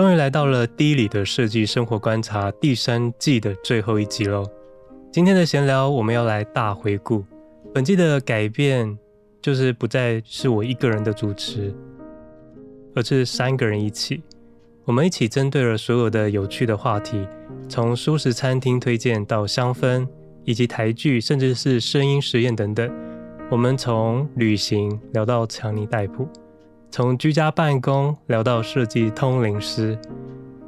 終於來到了《D Li 的設計生活觀察》第三季的最後一集嘍！今天的閒聊，我們要來大回顧。本季的改變就是不再是我一個人的主持，而是三個人一起。我們一起針對了所有的有趣的話題，從舒適餐廳推薦到香氛，以及台劇，甚至是聲音實驗等等。我們從旅行聊到強尼戴普。從居家辦公聊到設計通靈師，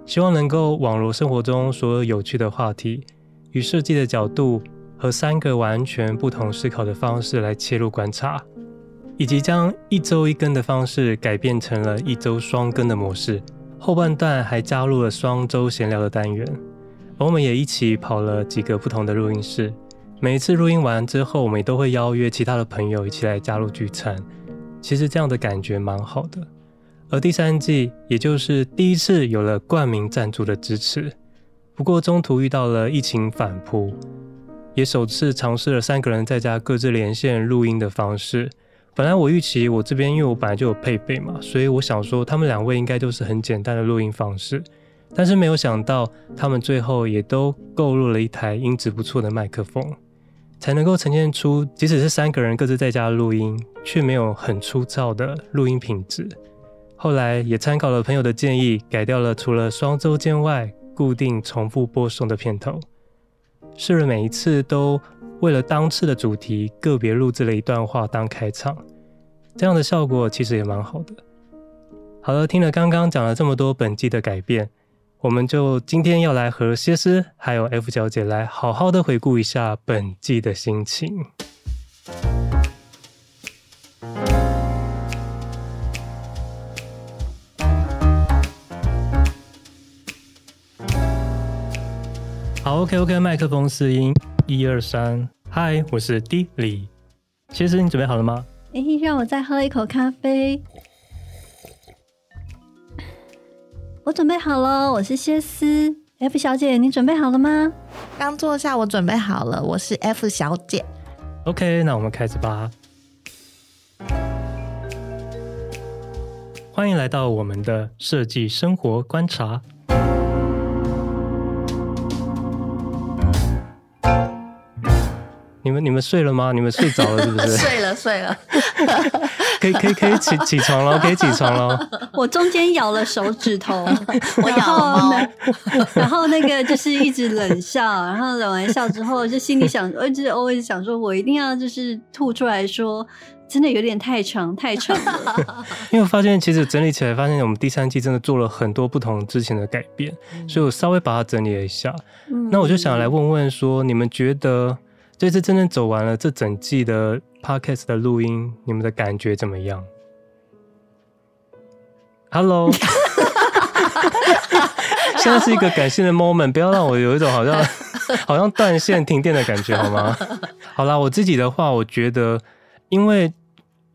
希望能夠網羅生活中所有有趣的話題，與設計的角度和三個完全不同思考的方式來切入觀察，以及將一週一更的方式改變成了一週雙更的模式。後半段還加入了雙週閒聊的單元，而我們也一起跑了幾個不同的錄音室。每一次錄音完之後，我們都會邀約其他的朋友一起來加入聚餐。其實這樣的感覺蠻好的，而第三季也就是第一次有了冠名贊助的支持，不過中途遇到了疫情反撲，也首次嘗試了三個人在家各自連線錄音的方式。本來我預期我這邊因為我本來就有配備嘛，所以我想說他們兩位應該就是很簡單的錄音方式，但是沒有想到他們最後也都購入了一台音質不錯的麥克風。才能夠呈現出，即使是三個人各自在家錄音，卻沒有很粗糙的錄音品質。後來也參考了朋友的建議，改掉了除了雙周間外固定重複播送的片頭，試着每一次都為了當次的主題個別錄製了一段話當開場，這樣的效果其實也蠻好的。好了，聽了剛剛講了這麼多本季的改變。我們就今天要來和歇思還有 F 小姐來好好的回顧一下本季的心情好。好，OK OK，麥克風試音，一二三，Hi，我是 D Li。歇思，你準備好了嗎？誒，讓我再喝一口咖啡。我準備好了，我是歇思。F 小姐，你準備好了嗎？剛坐下，我準備好了，我是 F 小姐。OK，那我們開始吧。歡迎來到我們的設計生活觀察。你們你們睡了嗎？你們睡着了是不是？睡了 睡了，睡了 可以可以可以起起床了，可以起床了。我中間咬了手指頭， 我咬貓 然後那個就是一直冷笑，然後冷完笑之後就心裡想，我一直、一直想說，我一定要就是吐出來說，真的有點太長太長。 因為我發現，其實整理起來發現，我們第三季真的做了很多不同之前的改變，嗯、所以我稍微把它整理了一下。嗯、那我就想來問問說，你們覺得？這次真正走完了這整季的 podcast 的錄音，你們的感覺怎麼樣？Hello， 現在是一個感性的 moment，不要讓我有一種好像好像斷線、停電的感覺，好嗎？好啦，我自己的話，我覺得，因為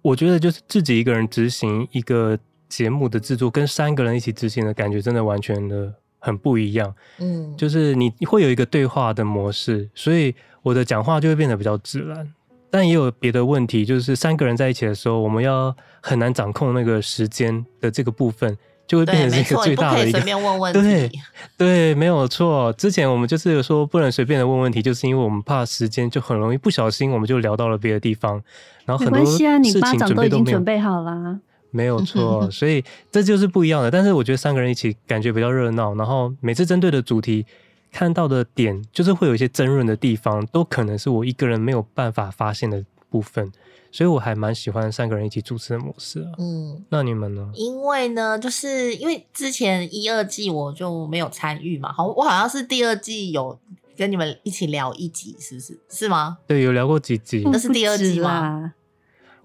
我覺得就是自己一個人執行一個節目的制作，跟三個人一起執行的感覺，真的完全的。很不一樣，嗯，就是你會有一個對話的模式，所以我的講話就會變得比較自然。但也有別的問題，就是三個人在一起的時候，我們要很難掌控那個時間的這個部分，就會變成一個最大的一個。對，沒錯，你不可以隨便問問題。對，對，沒有錯。之前我們就是有說不能隨便的問問題，就是因為我們怕時間就很容易不小心我們就聊到了別的地方。然後很多事情都已經準備好了。沒有錯，所以這就是不一樣的。但是我覺得三個人一起感覺比較熱鬧，然後每次針對的主題看到的點，就是會有一些爭論的地方，都可能是我一個人沒有辦法發現的部分，所以我還蠻喜歡三個人一起主持的模式啊。嗯，那你們呢？因為呢，就是因為之前一二季我就沒有參與嘛。好，我好像是第二季有跟你們一起聊一集，是不是？是嗎？對，有聊過幾集。那是第二集嗎？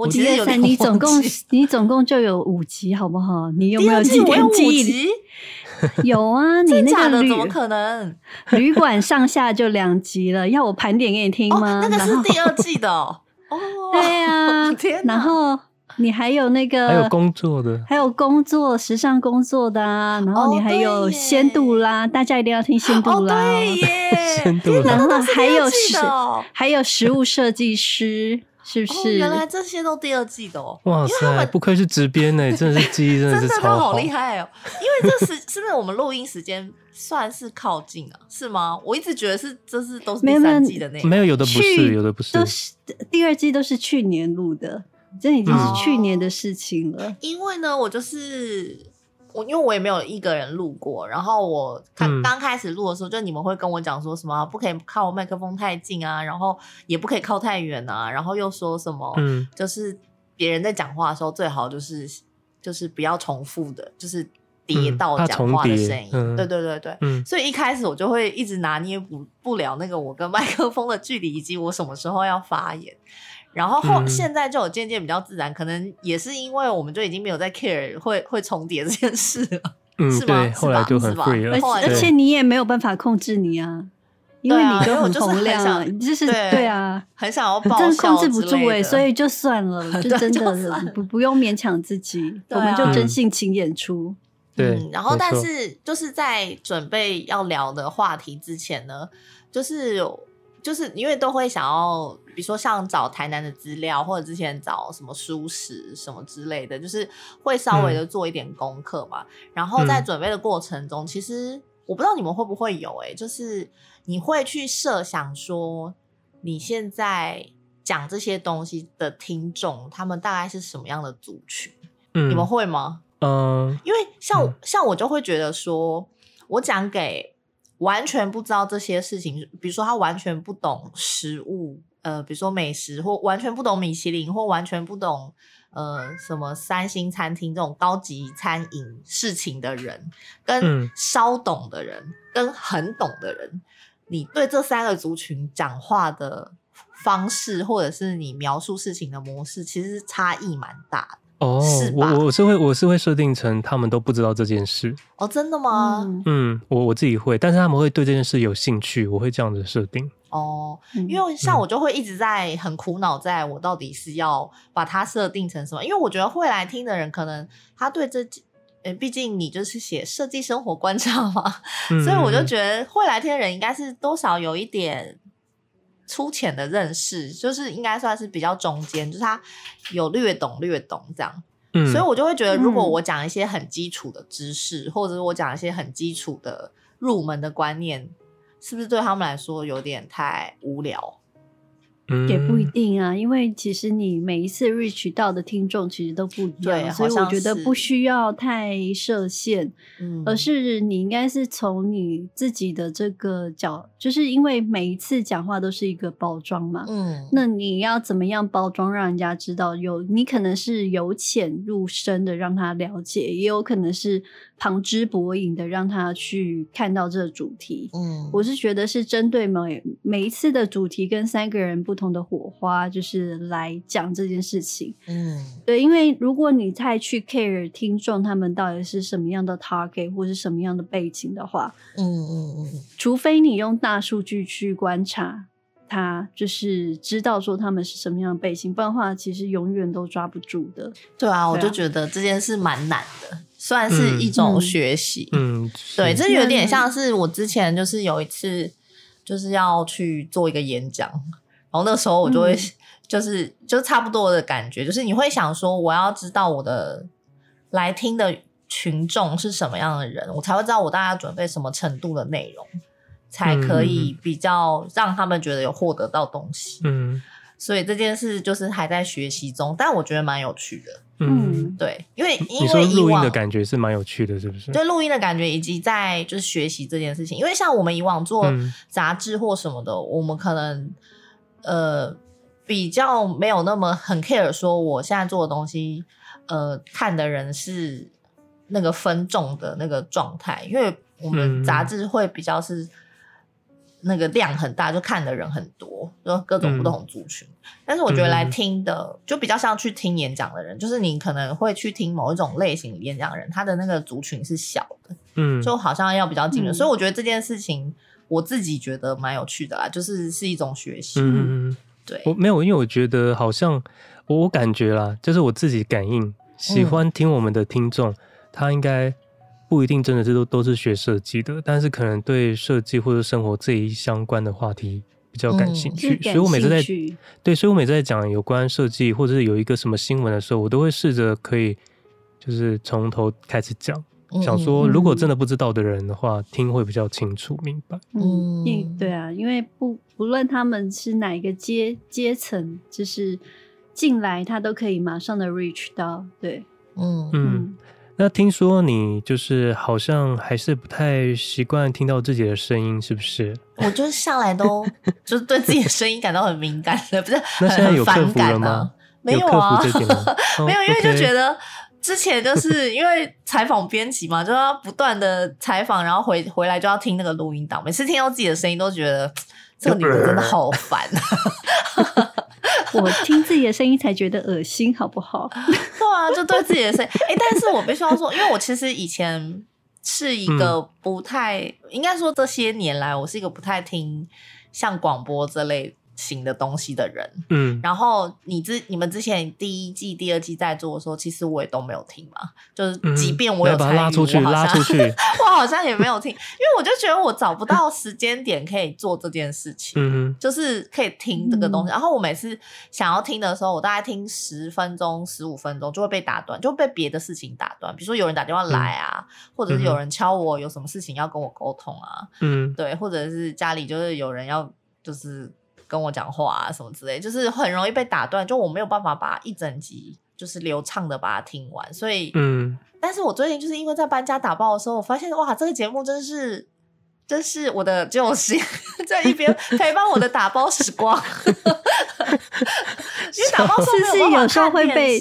我有二集，你總共你總共就有五集好不好？你有沒有記得？有有啊，你那的怎麼可能？旅館上下就兩集了，要我盤點給你聽嗎？那個是第二季的哦。對呀，然後你還有那個還有工作的，還有工作時尚工作的，啊。然後你還有仙度啦，大家一定要聽仙度啦，耶！仙度，然後還有食，還有食物設計師。是不是、哦？原來這些都第二季的哦。哇塞！不愧是直編哎、欸， 真的是記憶真的是超好。真的厲害哦。因為這是是不是我們錄音時間算是靠近啊？ 是嗎？我一直覺得是，這是都是第三季的那沒，沒，沒有有的不是有的不是都是第二季都是去年錄的，這已經是去年的事情了。嗯、因為呢，我就是。我因為我也沒有一個人錄過，然後我看剛、嗯、開始錄的時候，就你們會跟我講說什麼、啊，不可以靠麥克風太近啊，然後也不可以靠太遠啊，然後又說什麼，嗯、就是別人在講話的時候最好就是就是不要重複的，就是疊到講話的聲音，對、嗯嗯、對對對，嗯、所以一開始我就會一直拿捏不不了那個我跟麥克風的距離以及我什麼時候要發言。然後後現在就有漸漸比較自然，可能也是因為我們就已經沒有在 care 會會重疊這件事了，是嗎？是吧？是吧？而而且你也沒有辦法控制你啊，因為你覺得我就是很想，就是對啊，很想要，真的控制不住欸，所以就算了，就真的不不用勉強自己，我們就真性情演出。對，然後但是就是在準備要聊的話題之前呢，就是。就是因為都會想要，比如說像找台南的資料，或者之前找什麼書史什麼之類的，就是會稍微的做一點功課嘛。嗯、然後在準備的過程中，其實我不知道你們會不會有、欸，哎，就是你會去設想說，你現在講這些東西的聽眾，他們大概是什麼樣的族群？嗯、你們會嗎？嗯、呃，因為像、嗯、像我就會覺得說，我講給。完全不知道這些事情，比如說他完全不懂食物，呃，比如說美食，或完全不懂米其林，或完全不懂呃什麼三星餐廳這種高級餐飲事情的人，跟稍懂的人，跟很懂的人，嗯、你對這三個族群講話的方式，或者是你描述事情的模式，其實差異蠻大的。哦，吧我我我是會我是會設定成他們都不知道這件事。哦，真的嗎？嗯，我我自己會，但是他們會對這件事有興趣，我會這樣子設定。哦，因為像我就會一直在很苦惱，在我到底是要把它設定成什麼？嗯、因為我覺得會來聽的人，可能他對這，呃、欸，畢竟你就是寫設計生活觀察嘛，嗯、哼所以我就覺得會來聽的人應該是多少有一點。粗淺的認識，就是應該算是比較中間，就是他有略懂略懂這樣，嗯，所以我就會覺得，如果我講一些很基礎的知識，嗯，或者是我講一些很基礎的入門的觀念，是不是對他們來說有點太無聊？也不一定啊，因為其實你每一次 reach 到的聽眾其實都不一樣，對，所以我覺得不需要太設限，嗯，而是你應該是從你自己的這個角，就是因為每一次講話都是一個包裝嘛，嗯，那你要怎麼樣包裝，讓人家知道有你可能是由淺入深的讓他了解，也有可能是。旁徵博引的讓他去看到這個主題，嗯，我是覺得是針對每每一次的主題跟三個人不同的火花，就是來講這件事情，嗯，對，因為如果你太去 care 聽眾他們到底是什麼樣的 target 或是什麼樣的背景的話，嗯嗯嗯，嗯嗯除非你用大數據去觀察他，就是知道說他們是什麼樣的背景，不然的話其實永遠都抓不住的。對啊，對啊我就覺得這件事蠻難。算是一種學習、嗯，嗯，對，這、嗯、有點像是我之前就是有一次，就是要去做一個演講，然後那個時候我就會、嗯、就是就差不多的感覺，就是你會想說，我要知道我的來聽的群眾是什麼樣的人，我才會知道我大概準備什麼程度的內容，才可以比較讓他們覺得有獲得到東西。嗯，嗯，所以這件事就是還在學習中，但我覺得蠻有趣的。嗯，對，因為因為以往、嗯、你說錄音的感覺是蠻有趣的，是不是？對，錄音的感覺以及在就是學習這件事情，因為像我們以往做雜誌或什麼的，嗯、我們可能呃比較沒有那麼很 care 說我現在做的東西，呃，看的人是那個分眾的那個狀態，因為我們雜誌會比較是。那個量很大，就看的人很多，就各種不同族群。嗯、但是我覺得來聽的，嗯、就比較像去聽演講的人，就是你可能會去聽某一種類型演講的人，他的那個族群是小的，嗯，就好像要比較近的。嗯、所以我覺得這件事情，我自己覺得蠻有趣的啦，就是是一種學習。嗯，對，我沒有，因為我覺得好像我感覺啦，就是我自己感應，喜歡聽我們的聽眾，嗯、他應該。不一定真的是都都是學設計的，但是可能對設計或者生活這一相關的話題比較感興趣，嗯、興趣，所以我每次在對，所以我每次在講有關設計或者是有一個什麼新聞的時候，我都會試着可以就是從頭開始講，嗯、想說如果真的不知道的人的話，嗯、聽會比較清楚明白。嗯，對啊，嗯、因為不不論他們是哪一個階階層，就是進來他都可以馬上的 reach 到，對，嗯嗯。嗯那聽說你就是好像還是不太習慣聽到自己的聲音，是不是？我就是向來都 就是對自己的聲音感到很敏感的，不是？ 那現在有克服了嗎？啊、沒有啊，沒有，因為就覺得之前就是因為採訪編輯嘛， 就要不斷的採訪，然後回回來就要聽那個錄音檔，每次聽到自己的聲音都覺得這個女的真的好煩、啊。 我聽自己的聲音才覺得噁心，好不好？ 對啊，就對自己的聲音。哎、欸，但是我必須要說，因為我其實以前是一個不太，應該說，這些年來，我是一個不太聽像廣播之類的。型的東西的人，嗯，然後你之你們之前第一季、第二季在做的時候，其實我也都沒有聽嘛，就是即便我有、嗯、把它拉出去，我好像也沒有聽， 因為我就覺得我找不到時間點可以做這件事情，嗯哼，就是可以聽這個東西。嗯、哼然後我每次想要聽的時候，我大概聽十分鐘、十五分鐘就會被打斷，就被別的事情打斷，比如說有人打電話來啊，嗯、哼或者是有人敲我，有什麼事情要跟我溝通啊，嗯哼，對，或者是家裡就是有人要就是。跟我講話、啊、什麼之類，就是很容易被打斷，就我沒有辦法把一整集就是流暢的把它聽完，所以嗯，但是我最近就是因為在搬家打包的時候，我發現哇，這個節目真是真是我的救星，在一邊陪伴我的打包時光。 因為打包是不是有時候會被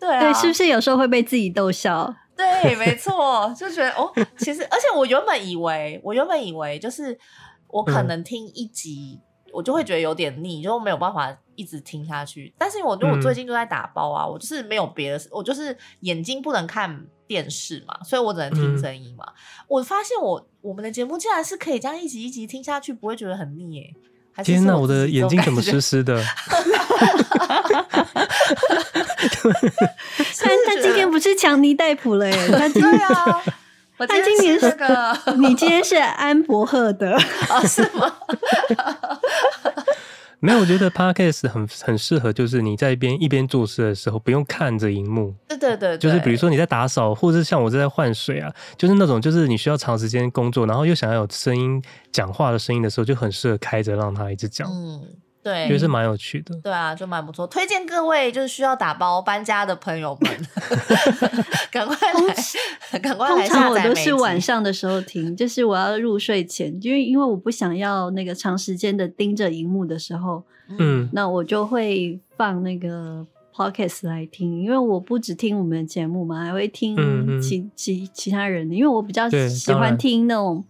對啊對？是不是有時候會被自己逗笑？對，沒錯，就覺得哦，其實而且我原本以為我原本以為就是我可能聽一集。嗯我就會覺得有點膩，就沒有辦法一直聽下去。但是因為我覺得我最近都在打包啊，我就是沒有別的，我就是眼睛不能看電視嘛，所以我只能聽聲音嘛。嗯、我發現我我們的節目竟然是可以這樣一集一集聽下去，不會覺得很膩耶。還是是天哪，我的眼睛怎麼濕濕的？但但今天不是強尼戴普了耶？ 對啊。我今他今年是個， 你今天是安伯赫德、 哦，是嗎？ 沒有，我覺得 podcast 很很適合，就是你在一邊一邊做事的時候，不用看着螢幕。對,對對對，就是比如說你在打掃，或者是像我正在換水啊，就是那種就是你需要長時間工作，然後又想要有聲音講話的聲音的時候，就很適合開着讓它一直講。嗯對，覺得是蠻有趣的。對啊，就蠻不錯，推薦各位就是需要打包搬家的朋友們，趕 快來，趕快來，通常我都是晚上的時候聽， 就是我要入睡前，因為 因為我不想要那個長時間的盯着熒幕的時候，嗯，那我就會放那個 podcast 來聽，因為我不只聽我們的節目嘛，還會聽其嗯嗯其其他人的，因為我比較喜歡聽那種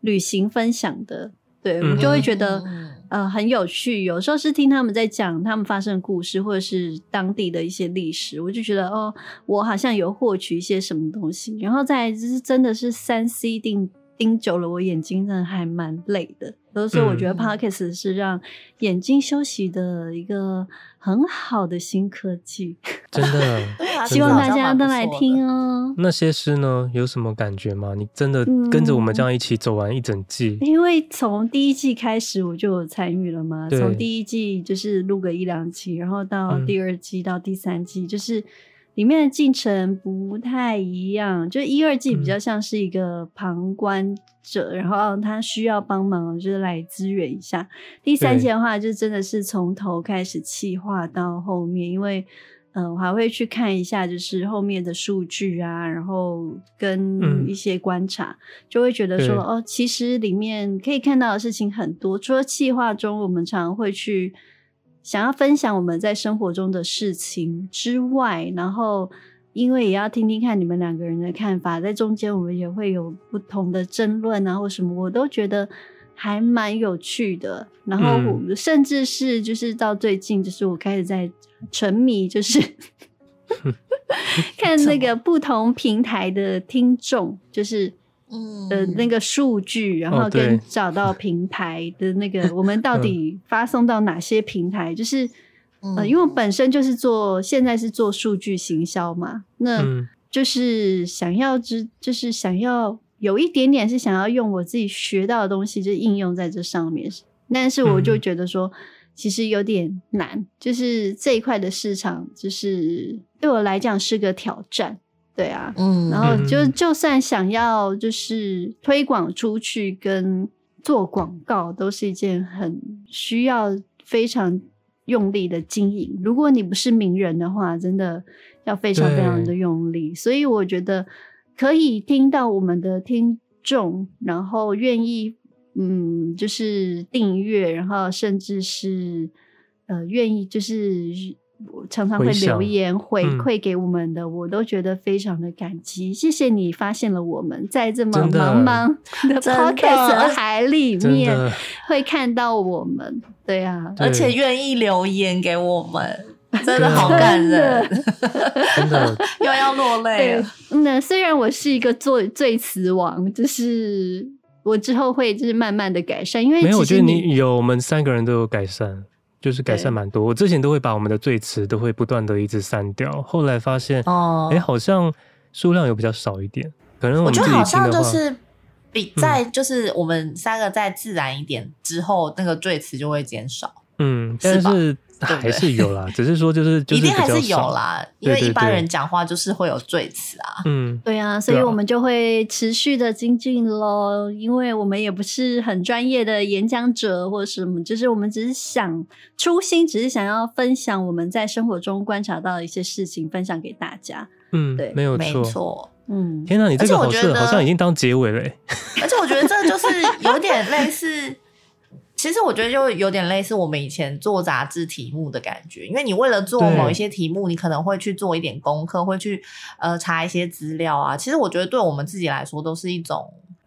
旅行分享的，對嗯嗯我就會覺得。嗯呃，很有趣，有時候是聽他們在講他們發生的故事，或者是當地的一些歷史，我就覺得哦，我好像有獲取一些什麼東西。然後再來就是真的是三 C 盯盯久了，我眼睛真的還蠻累的，所以我覺得 Podcast 是讓眼睛休息的一個。很好的新科技，真的， 希望大家都來聽哦、喔。 那歇思呢，有什麼感覺嗎？你真的跟着我們這樣一起走完一整季？嗯、因為從第一季開始我就有參與了嘛，從對第一季就是錄個一兩期，然後到第二季到第三季，嗯、就是裡面的進程不太一樣，就一二季比較像是一個旁觀。者，然後他需要幫忙，就是來支援一下。第三季的話，就真的是從頭開始企劃到後面，對因為，嗯、呃，我還會去看一下，就是後面的數據啊，然後跟一些觀察，嗯、就會覺得說，對哦，其實裡面可以看到的事情很多。除了企劃中，我們常常會去想要分享我們在生活中的事情之外，然後。因為也要聽聽看你們兩個人的看法，在中間我們也會有不同的爭論啊，或什麼，我都覺得還蠻有趣的。然後甚至是就是到最近，就是我開始在沉迷，就是 看那個不同平台的聽眾，就是嗯的那個數據，然後跟找到平台的那個，我們到底發送到哪些平台，就是。嗯、呃，因為我本身就是做，現在是做數據行銷嘛，那就是想要之，是、嗯、就是想要有一點點是想要用我自己學到的東西，就是應用在這上面。但是我就覺得說，其實有點難，嗯、就是這一塊的市場，就是對我來講是個挑戰。對啊，嗯，然後就就算想要就是推廣出去跟做廣告，都是一件很需要非常。用力的經營，如果你不是名人的話，真的要非常非常的用力。對所以我覺得可以聽到我們的聽眾，然後願意，嗯，就是訂閱，然後甚至是呃，願意就是。常常會留言回饋給我們的，嗯、我都覺得非常的感激。謝謝你發現了我們在這麼茫茫的 Podcast 的海裡面，會看到我們，對呀、啊,對而且願意留言給我們，真的好感人，真的 又要落淚了。 那雖然我是一個贅詞王，就是我之後會就是慢慢的改善，因為沒有，我覺得你有，我們三個人都有改善。就是改善蠻多，對我之前都會把我們的贅詞都會不斷的一直刪掉，後來發現，哦，哎，好像數量有比較少一點，可能我，我覺得好像就是比、嗯、在就是我們三個再自然一點之後，那個贅詞就會減少，嗯，但是，是還是有啦， 只是說就是，就是，一定還是有啦，對對對。因為一般人講話就是會有贅詞啊。嗯，對啊，所以我們就會持續的精進嘍，啊，因為我們也不是很專業的演講者或者什麼，就是我們只是想初心，只是想要分享我們在生活中觀察到的一些事情，分享給大家。嗯，對，沒有錯。錯嗯，天哪，你這個好像已經當結尾了，而且我覺得這就是有點類似。 其實我覺得就有點類似我們以前做雜誌題目的感覺，因為你為了做某一些題目，對你可能會去做一點功課，會去呃查一些資料啊。其實我覺得對我們自己來說，都是一種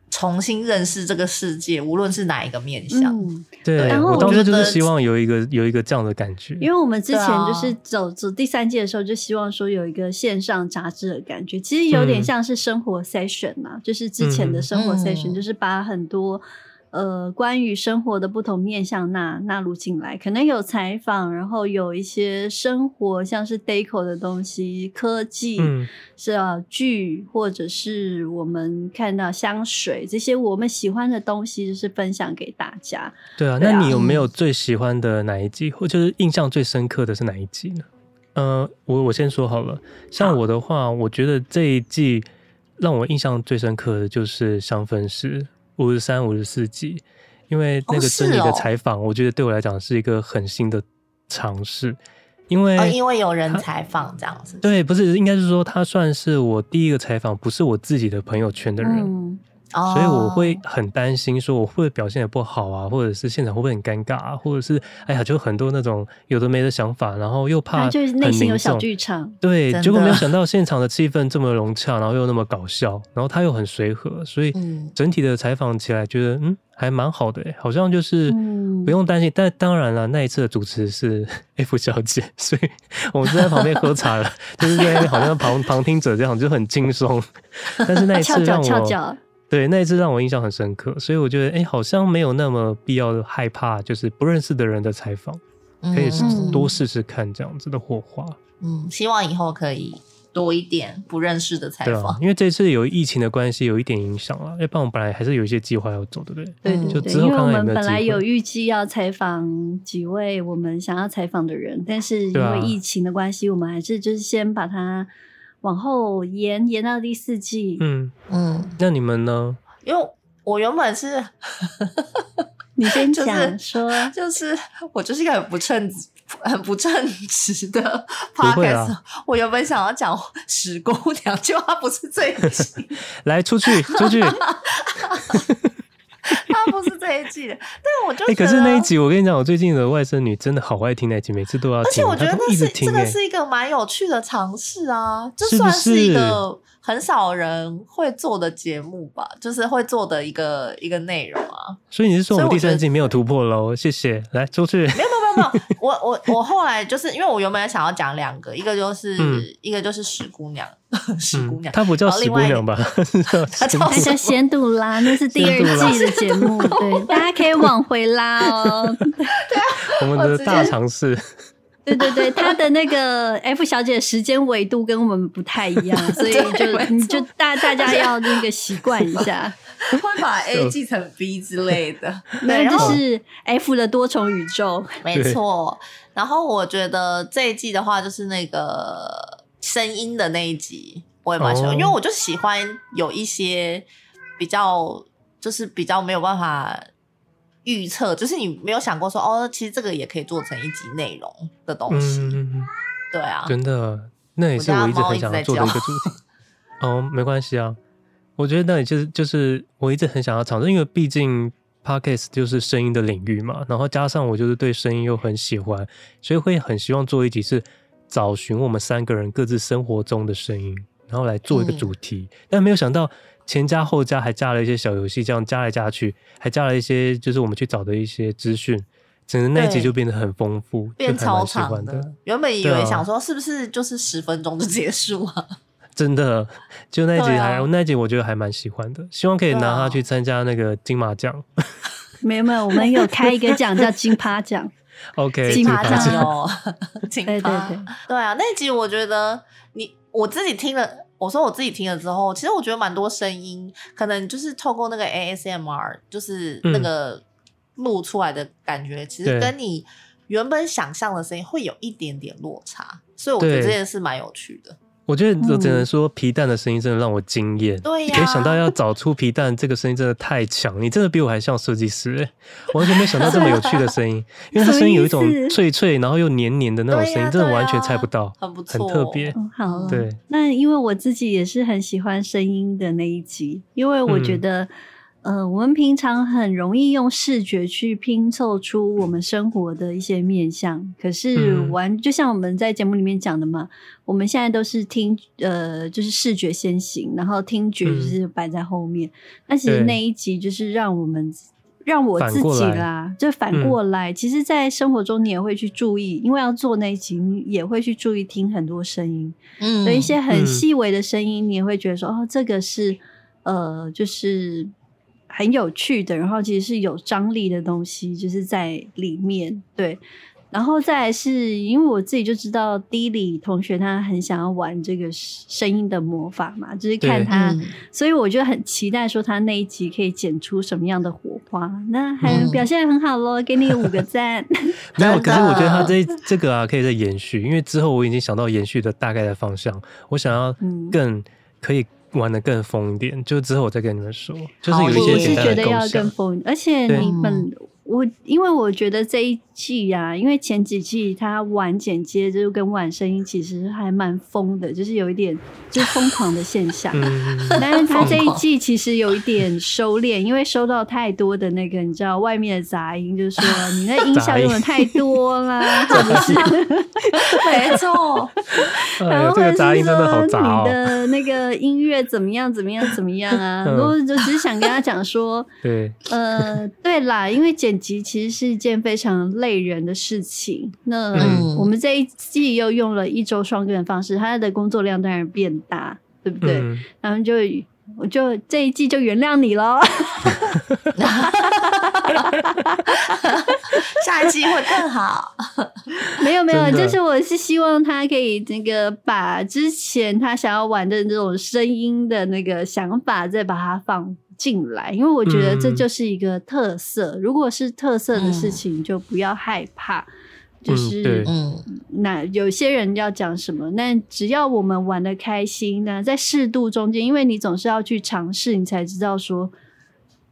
重新認識這個世界，無論是哪一個面向。嗯、對，然後我覺得我當時就是希望有一個有一個這樣的感覺，因為我們之前就是走走第三季的時候，就希望說有一個線上雜誌的感覺，其實有點像是生活 session 嘛、啊，嗯、就是之前的生活 session，、嗯、就是把很多。呃，關於生活的不同面向納納入進來，可能有採訪，然後有一些生活像是 Dayco 的東西，科技、嗯、是劇，或者是我們看到香水這些我們喜歡的東西，就是分享給大家。對啊，那你有沒有最喜歡的哪一集，嗯、或就是印象最深刻的是哪一集呢？呃，我我先說好了，像我的話，啊、我覺得這一季讓我印象最深刻的就是香氛師。五十三、五十四集，因為那個真理的採訪，哦哦、我覺得對我來講是一個很新的嘗試，因為、哦、因為有人採訪這樣子，對，不是，應該是說他算是我第一個採訪，不是我自己的朋友圈的人。嗯所以我會很擔心，說我會表現得不好啊，或者是現場會不會很尷尬啊，或者是哎呀，就很多那種有的沒的想法，然後又怕就是內心有小劇場。對，真的。結果沒有想到現場的氣氛這麼融洽，然後又那麼搞笑，然後他又很隨和，所以整體的採訪起來覺得嗯，嗯還蠻好的欸，好像就是不用擔心。嗯，但當然了，那一次的主持是 F 小姐，所以我們就在旁邊喝茶了， 就是在那邊好像旁 旁，旁聽者這樣，就很輕鬆。但是那一次讓我。 翹腳翹腳對，那一次讓我印象很深刻，所以我覺得，哎、欸，好像沒有那麼必要害怕，就是不認識的人的採訪，嗯、可以多試試看這樣子的火花。嗯，希望以後可以多一點不認識的採訪，對啊。因為這次有疫情的關係，有一點影響了，要不然我們本來還是有一些計劃要做的，對不對？對對對，因為我們本來有預計要採訪幾位我們想要採訪的人，但是因為疫情的關係，啊、我們還是就是先把它。往後延，延到第四季。嗯嗯，嗯，那你們呢？因為我原本是， 你先講、就是、說，就是我就是一個很不稱、很不稱職的 podcast、啊、我原本想要講史兩句話不是最一期。 來，出去，出去。 他不是這一季的，但我就哎、啊欸，可是那一集我跟你講，我最近的外甥女真的好愛聽那一集，每次都要聽，而且我覺得那是、欸、這個是一個蠻有趣的嘗試啊，就算是一個很少人會做的節目吧，就是會做的一個一個內容啊。所以你是說我們第三季沒有突破嘍？謝謝，來，出去。 我我我後來就是因為我原本想要講兩個，一個就是、嗯、一個就是史姑娘，史姑娘，她、嗯、不叫史姑娘吧？她她、哦、 叫仙度拉，那是第二季的節目，對，大家可以往回拉哦。 對啊，我們的大嘗試。對對對，她的那個 F 小姐時間維度跟我們不太一樣， 對所以就你就大大家要那個習慣一下。不 會把 A 記成 B 之類的， 對，就是 F 的多重宇宙，哦、沒錯。然後我覺得這一季的話，就是那個聲音的那一集，我也蠻喜歡，哦、因為我就喜歡有一些比較，就是比較沒有辦法預測，就是你沒有想過說哦，其實這個也可以做成一集內容的東西。嗯、對啊，真的，那也是我一直很想做的一 哦，沒關係啊。我覺得那裡就是就是我一直很想要嘗試，因為畢竟 podcast 就是聲音的領域嘛。然後加上我就是對聲音又很喜歡，所以會很希望做一集是找尋我們三個人各自生活中的聲音，然後來做一個主題。嗯、但沒有想到前加後加還加了一些小遊戲，這樣加來加去還加了一些就是我們去找的一些資訊，整個那一集就變得很豐富，變超長的。喜歡的。原本以為、啊、想說是不是就是十分鐘就結束了、啊。真的，就那一集還、啊、那一集，我覺得還蠻喜歡的。希望可以拿它去參加那個金馬獎。啊、 沒有沒有，我們有開一個獎 叫金趴獎。OK，金趴獎哦，金趴。對對,對,對啊，那集我覺得你我自己聽了，我說我自己聽了之後，其實我覺得蠻多聲音，可能就是透過那個 ASMR，就是那個錄出來的感覺，嗯、其實跟你原本想象的聲音會有一點點落差，所以我覺得這件事蠻有趣的。我覺得我只能說，皮蛋的聲音真的讓我驚豔，你、嗯、沒想到要找出皮蛋這個聲音真的太強，啊、你真的比我還像設計師，完全沒想到這麼有趣的聲音，啊、因為他聲音有一種脆脆，然後又黏黏的那種聲音，啊啊、真的完全猜不到，很不錯，哦，很特別。嗯、好，哦，對，那因為我自己也是很喜歡聲音的那一集，因為我覺得、嗯。嗯、呃，我們平常很容易用視覺去拼湊出我們生活的一些面向。可是玩，嗯、就像我們在節目裡面講的嘛，我們現在都是聽，呃，就是視覺先行，然後聽覺就是擺在後面。那、嗯、其實那一集就是讓我們、嗯、讓我自己啦，反就反過來。嗯、其實，在生活中你也會去注意，因為要做那一集，你也會去注意聽很多聲音，嗯，有一些很細微的聲音，你也會覺得說，嗯、哦，這個是，呃，就是。很有趣的，然後其實是有張力的東西，就是在裡面。對，然後再來是因為我自己就知道 D Li 同學他很想要玩這個聲音的魔法嘛，就是看他，嗯、所以我就很期待說他那一集可以剪出什麼樣的火花。那還表現很好嘍，嗯、給你五個讚。 沒有， 可是我覺得他這 這個啊，可以再延續，因為之後我已經想到延續的大概的方向，我想要更可以。玩得更瘋一點，就之後我再跟你們說。好的。就是有一些簡單的，我是覺得要更瘋，而且你們、嗯。我因為我覺得這一季呀、啊，因為前幾季他玩剪接，就跟玩聲音，其實還蠻瘋的，就是有一點就是瘋狂的現象。嗯、但是他這一季其實有一點收斂，瘋狂。因為收到太多的那個你知道外面的雜音，就是說、啊、你那音效用的太多了，或者 是，是，沒錯。哦、 然後或者是說你的那個音樂怎麼樣怎麼樣怎麼樣啊？嗯、我我只是想跟他講說，對、呃，對啦，因為剪。其實是一件非常累人的事情。那我們這一季又用了一周雙更的方式，他的工作量當然變大，對不對？嗯、然後就我就這一季就原諒你嘍， 下一季會更好。 沒有沒有，就是我是希望他可以那個把之前他想要玩的那種聲音的那個想法，再把它放。進來，因為我覺得這就是一個特色。嗯、如果是特色的事情，嗯、就不要害怕。嗯、就是那、嗯、有些人要講什麼，那只要我們玩得開心，呢，在適度中間，因為你總是要去嘗試，你才知道說，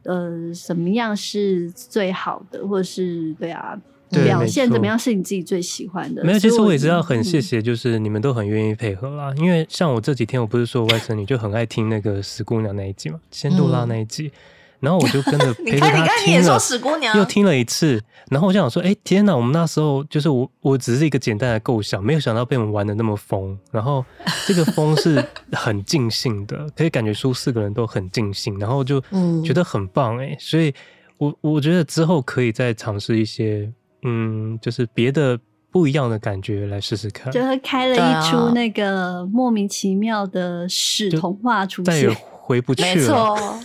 呃，什麼樣是最好的，或者是對啊。對，表現怎麼樣是你自己最喜歡的？沒有，其實我也知道，很謝謝，就是你們都很願意配合啦。嗯、因為像我這幾天，我不是說外甥女就很愛聽那個《十姑娘》那一集嘛，《仙杜拉》那一集，嗯、然後我就跟着陪着她聽你你你說十姑娘》又聽了一次。然後我就想說，哎、欸，天哪！我們那時候就是我，我只是一個簡單的構想，沒有想到被我們玩的那麼瘋。然後這個瘋是很盡興的，可以感覺說四個人都很盡興，然後就覺得很棒哎、欸。所以我我覺得之後可以再嘗試一些。嗯，就是別的不一樣的感覺，來試試看，就是開了一出那個莫名其妙的史童話出現，再也回不去了。沒錯，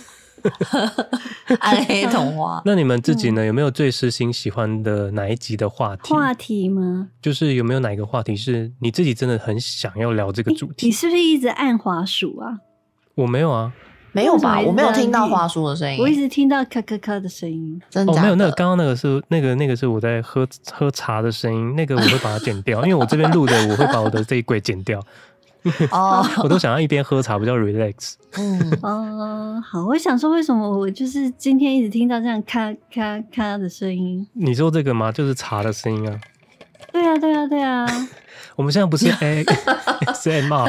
暗黑童話。那你們自己呢？嗯、有沒有最私心喜歡的哪一集的話題？話題嗎？就是有沒有哪一個話題是你自己真的很想要聊這個主題？你，你是不是一直按滑鼠啊？我沒有啊。沒有吧？我沒有聽到花叔的聲音，我一直聽到咔咔咔的聲音。真的哦？沒有，那個剛剛那個是那個那個是我在喝喝茶的聲音，那個我會把它剪掉， 因為我這邊錄的 我會把我的這一軌剪掉。哦 ，oh. 我都想要一邊喝茶比較 relax。嗯 嗯， uh, 好，我想說為什麼我就是今天一直聽到這樣咔咔咔的聲音？你說這個嗎？就是茶的聲音啊， 啊？對啊對啊對啊。 我們現在不是在在罵。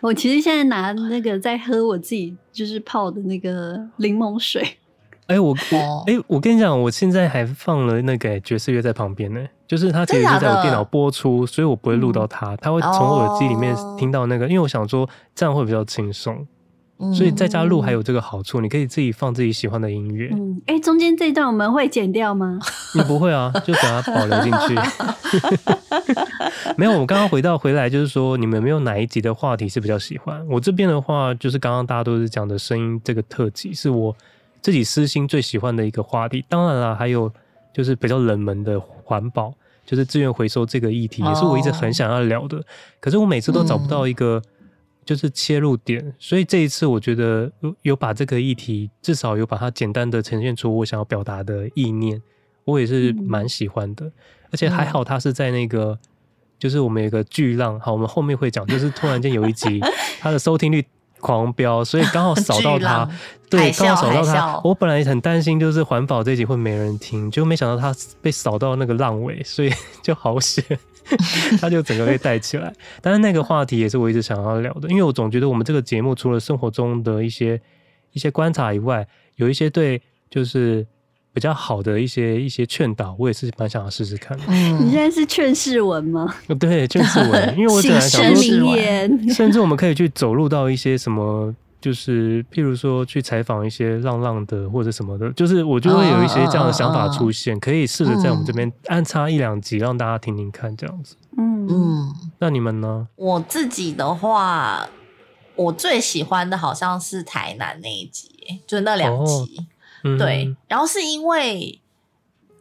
我其實現在拿那個在喝我自己就是泡的那個檸檬水。哎、嗯，欸，我我哎，我跟你講，我現在還放了那個、欸、爵士樂在旁邊呢、欸，就是它其實就是在我電腦播出，所以我不會錄到它，嗯、它會從我的耳機裡面聽到那個，哦、因為我想說這樣會比較輕鬆。所以在家錄還有這個好處，你可以自己放自己喜歡的音樂。嗯，哎、欸，中間這一段我們會剪掉嗎？ 你不會啊，就把它保留進去。 沒有，我們剛剛回到回來，就是說你們有沒有哪一集的話題是比較喜歡。我這邊的話，就是剛剛大家都是講的聲音這個特輯，是我自己私心最喜歡的一個話題。當然啦，還有就是比較冷門的環保，就是資源回收這個議題，也是我一直很想要聊的。可是我每次都找不到一個。就是切入點，所以這一次我覺得有有把這個議題至少有把它簡單的呈現出我想要表達的意念，我也是蠻喜歡的。嗯、而且還好，它是在那個、嗯、就是我們有一個巨浪，好，我們後面會講，就是突然間有一集它的收聽率狂飆， 所以剛好掃到它，巨浪，對，剛好掃到它。我本來很擔心就是環保這一集會沒人聽，就沒想到它被掃到那個浪尾，所以就好險。 他就整個被帶起來，但是那個話題也是我一直想要聊的，因為我總覺得我們這個節目除了生活中的一些一些觀察以外，有一些對就是比較好的一些一些勸導，我也是蠻想要試試看的。你現在是勸世文嗎？嗯，對，勸世文，因為我本來想說，呃，甚至我們可以去走入到一些什麼。就是，譬如說去採訪一些浪浪的或者什麼的，就是我就會有一些這樣的想法出現，嗯、可以試着在我們這邊安插一兩集，嗯、讓大家聽聽看，這樣子。嗯嗯。那你們呢？我自己的話，我最喜歡的好像是台南那一集，就那兩集。哦、對，嗯、哼然後是因為，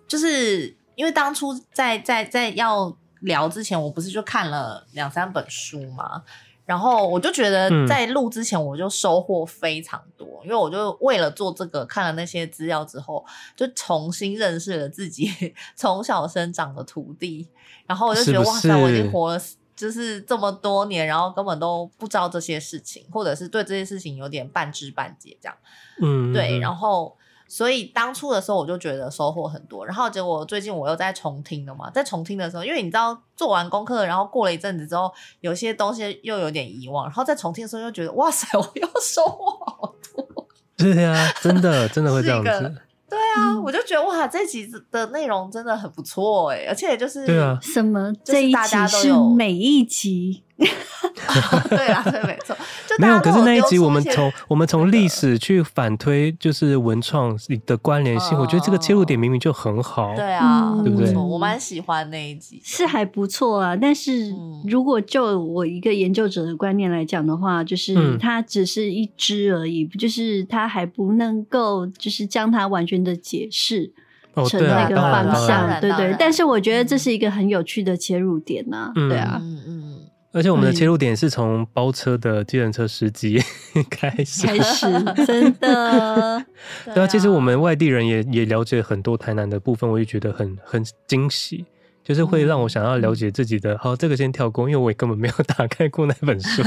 就是因為當初在在在要聊之前，我不是就看了兩三本書嗎？然後我就覺得，在錄之前我就收穫非常多，嗯、因為我就為了做這個看了那些資料之後，就重新認識了自己從小生長的土地。然後我就覺得，是是哇塞，我已經活了就是這麼多年，然後根本都不知道這些事情，或者是對這些事情有點半知半解這樣。嗯，嗯，對，然後。所以當初的時候我就覺得收穫很多，然後結果最近我又在重聽了嘛，在重聽的時候，因為你知道做完功課，然後過了一陣子之後，有些東西又有點遺忘，然後在重聽的時候又覺得哇塞，我又收穫好多。對呀、啊，真的真的會這樣子。 對。對啊，我就覺得哇，這集的內容真的很不錯哎、欸，而且就是對啊，什麼這一集是每一集， 對啊，對，沒錯，就有沒有。可是那一集，我們從我們從歷史去反推，就是文創的關聯性，的我覺得這個切入點明明就很好，對啊，對不對？我蠻喜歡那一集，是還不錯啊。但是如果就我一個研究者的觀念來講的話，就是它只是一支而已，嗯、就是它還不能夠就是將它完全的。解釋成那個方向，對對，但是我覺得這是一個很有趣的切入點吶，對啊，嗯嗯，而且我們的切入點是從包車的計程車司機開始，開始真的，對啊，其實我們外地人也也了解很多台南的部分，我也覺得很很驚喜，就是會讓我想要了解自己的。好，這個先跳過，因為我也根本沒有打開過那本書，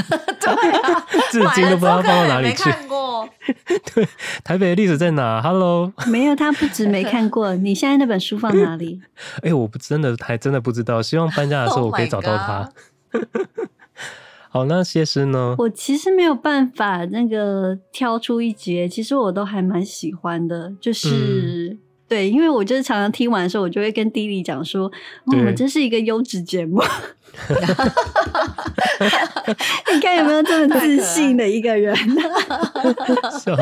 至今都不知道放到哪裡去。 台北的歷史在哪？Hello，沒有，他不止沒看過， 你現在那本書放哪裡？哎、欸，我不真的還真的不知道，希望搬家的時候我可以找到他。Oh、 好，那歇思呢？我其實沒有辦法那個挑出一節，其實我都還蠻喜歡的，就是。嗯對，因為我就是常常聽完的時候，我就會跟 D Li 講說，對哦、我們真是一個優質節目， 你看有沒有這麼自信的一個人？啊、 笑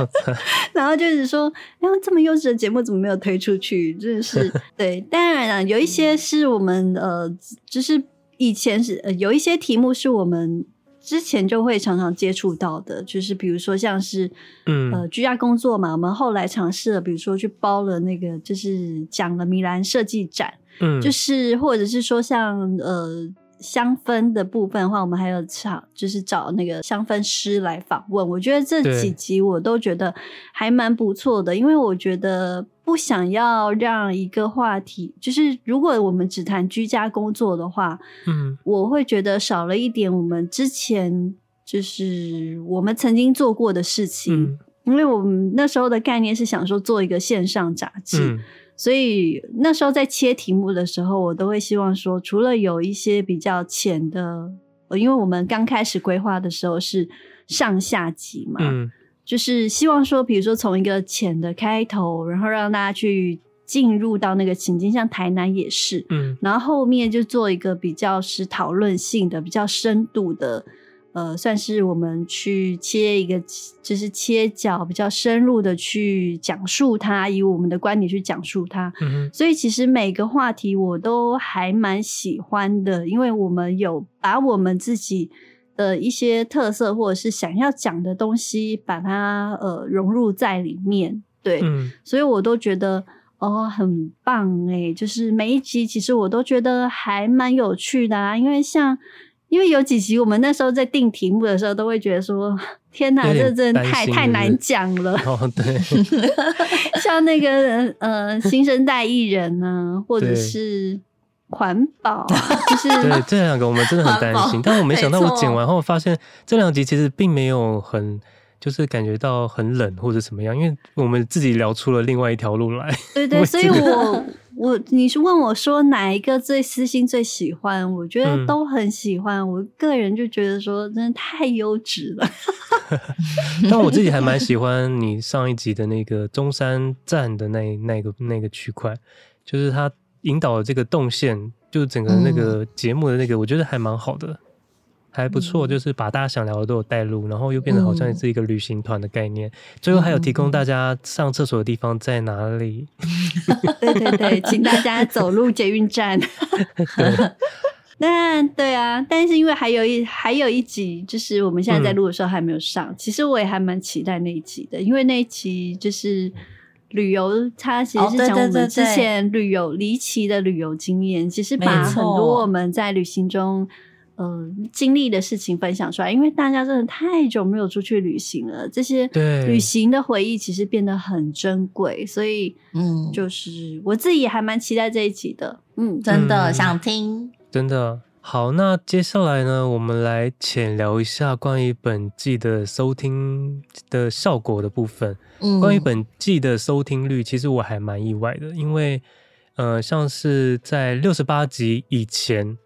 然後就是說，然、哎、後這麼優質的節目怎麼沒有推出去？真、就、的是對，當然了，有一些是我們、嗯、呃，就是以前是、呃、有一些題目是我們。之前就會常常接觸到的，就是比如說像是，嗯、呃，居家工作嘛，我們後來嘗試了，比如說去包了那個，就是講了米蘭設計展，嗯，就是或者是說像呃。香氛的部分的話，我們還有找就是找那個香氛師來訪問。我覺得這幾集我都覺得還蠻不錯的，對因為我覺得不想要讓一個話題，就是如果我們只談居家工作的話，嗯，我會覺得少了一點我們之前，就是我們曾經做過的事情。嗯因為我們那時候的概念是想說做一個線上雜誌，嗯、所以那時候在切題目的時候，我都會希望說，除了有一些比較淺的，因為我們剛開始規劃的時候是上下集嘛，嗯、就是希望說，比如說從一個淺的開頭，然後讓大家去進入到那個情境，像台南也是，嗯、然後後面就做一個比較是討論性的、比較深度的。呃，算是我們去切一個，就是切角比較深入的去講述它，以我們的觀點去講述它。嗯哼，所以其實每個話題我都還蠻喜歡的，因為我們有把我們自己的一些特色或者是想要講的東西，把它呃融入在裡面。對，嗯，所以我都覺得哦，很棒誒，欸，就是每一集其實我都覺得還蠻有趣的啊，因為像。因為有幾集，我們那時候在定題目的時候，都會覺得說：“天吶，這真的太太難講了。”哦，對， 像那個呃新生代藝人啊，或者是環保，對就是對 這兩個，我們真的很擔心。保但我沒想到，我剪完後發現這兩集其實並沒有很。就是感覺到很冷或者什麼樣，因為我們自己聊出了另外一條路來。對對，所以我我你是問我說哪一個最私心最喜歡？我覺得都很喜歡。嗯、我個人就覺得說真的太優質了。 但我自己還蠻喜歡你上一集的那個中山站的那那個那個區塊，就是它引導的這個動線，就整個那個節目的那個，嗯、我覺得還蠻好的。還不錯，嗯、就是把大家想聊的都有帶入，然後又變得好像也是一個旅行團的概念。嗯、最後還有提供大家上廁所的地方在哪裡。嗯、 對對對，請大家走路捷運站。 對 那對啊，但是因為還有一還有一集，就是我們現在在錄的時候還沒有上。嗯、其實我也還蠻期待那一集的，因為那一集就是旅遊，它其實是講我們之前旅遊離奇的旅遊經驗，其實把很多我們在旅行中。呃，經歷的事情分享出來，因為大家真的太久沒有出去旅行了，這些旅行的回憶其實變得很珍貴，所以嗯，就是我自己也還蠻期待這一集的，嗯，真的、嗯、想聽，真的好。那接下來呢，我們來淺聊一下關於本季的收聽的效果的部分。嗯，關於本季的收聽率，其實我還蠻意外的，因為呃，像是在六十八集以前。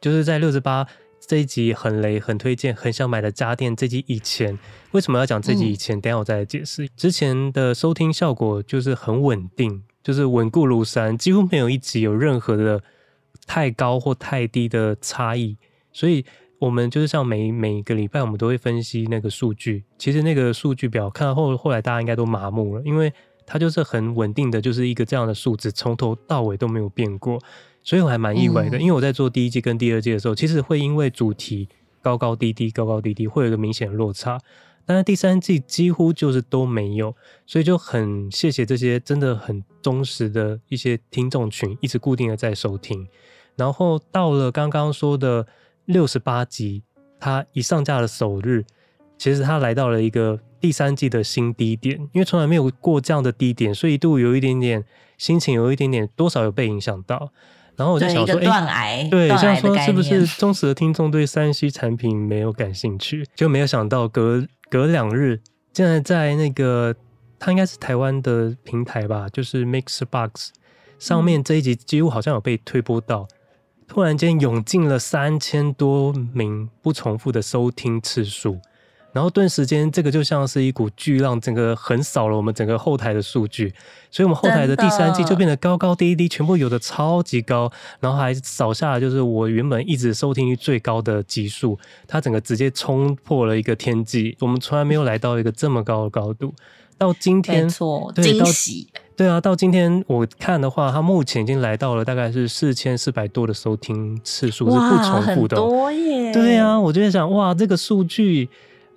就是在六十八這一集很雷、很推薦、很想買的家電。這集以前，為什麼要講這集以前？嗯、等一下我再來解釋。之前的收聽效果就是很穩定，就是穩固如山，幾乎沒有一集有任何的太高或太低的差異。所以，我們就是像每每一個禮拜，我們都會分析那個數據。其實那個數據表看後，後來大家應該都麻木了，因為它就是很穩定的，就是一個這樣的數字，從頭到尾都沒有變過。所以我還蠻意外的，嗯、因為我在做第一季跟第二季的時候，其實會因為主題高高低低、高高低低，會有一個明顯落差。但是第三季幾乎就是都沒有，所以就很謝謝這些真的很忠實的一些聽眾群，一直固定的在收聽。然後到了剛剛說的六十八集，它一上架的首日，其實它來到了一個第三季的新低點，因為從來沒有過這樣的低點，所以一度有一點點心情，有一點點多少有被影響到。然後我就想說，一個斷癌，對，這樣說是不是忠實的聽眾對三 C 產品沒有感興趣，就沒有想到隔隔兩日，竟然在那個他應該是台灣的平台吧，就是 Mix Box 上面這一集幾乎好像有被推播到，嗯、突然間湧進了三千多名不重複的收聽次數。然後頓時間，這個就像是一股巨浪，整個橫掃了我們整個後台的數據，所以我們後台的第三季就變得高高低低，的全部有的超級高，然後還掃下了就是我原本一直收聽率最高的集數，它整個直接衝破了一個天際，我們從來沒有來到一個這麼高的高度。到今天，沒錯，驚喜，對啊，到今天我看的話，它目前已經來到了大概是四千四百多的收聽次數，是不重複的。哇，很多耶！對啊，我就在想，哇，這個數據。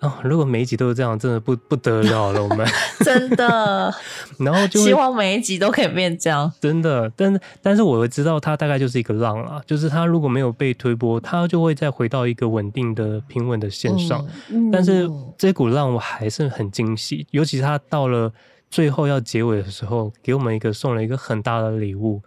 啊、哦！如果每一集都是這樣，真的不不得了了。我們 真的， 然後就希望每一集都可以變這樣。 真的，但但是我知道它大概就是一個浪啊，就是它如果沒有被推波，它就會再回到一個穩定的、平穩的線上。嗯、但是這股浪我還是很驚喜，尤其它到了最後要結尾的時候，給我們一個送了一個很大的禮物。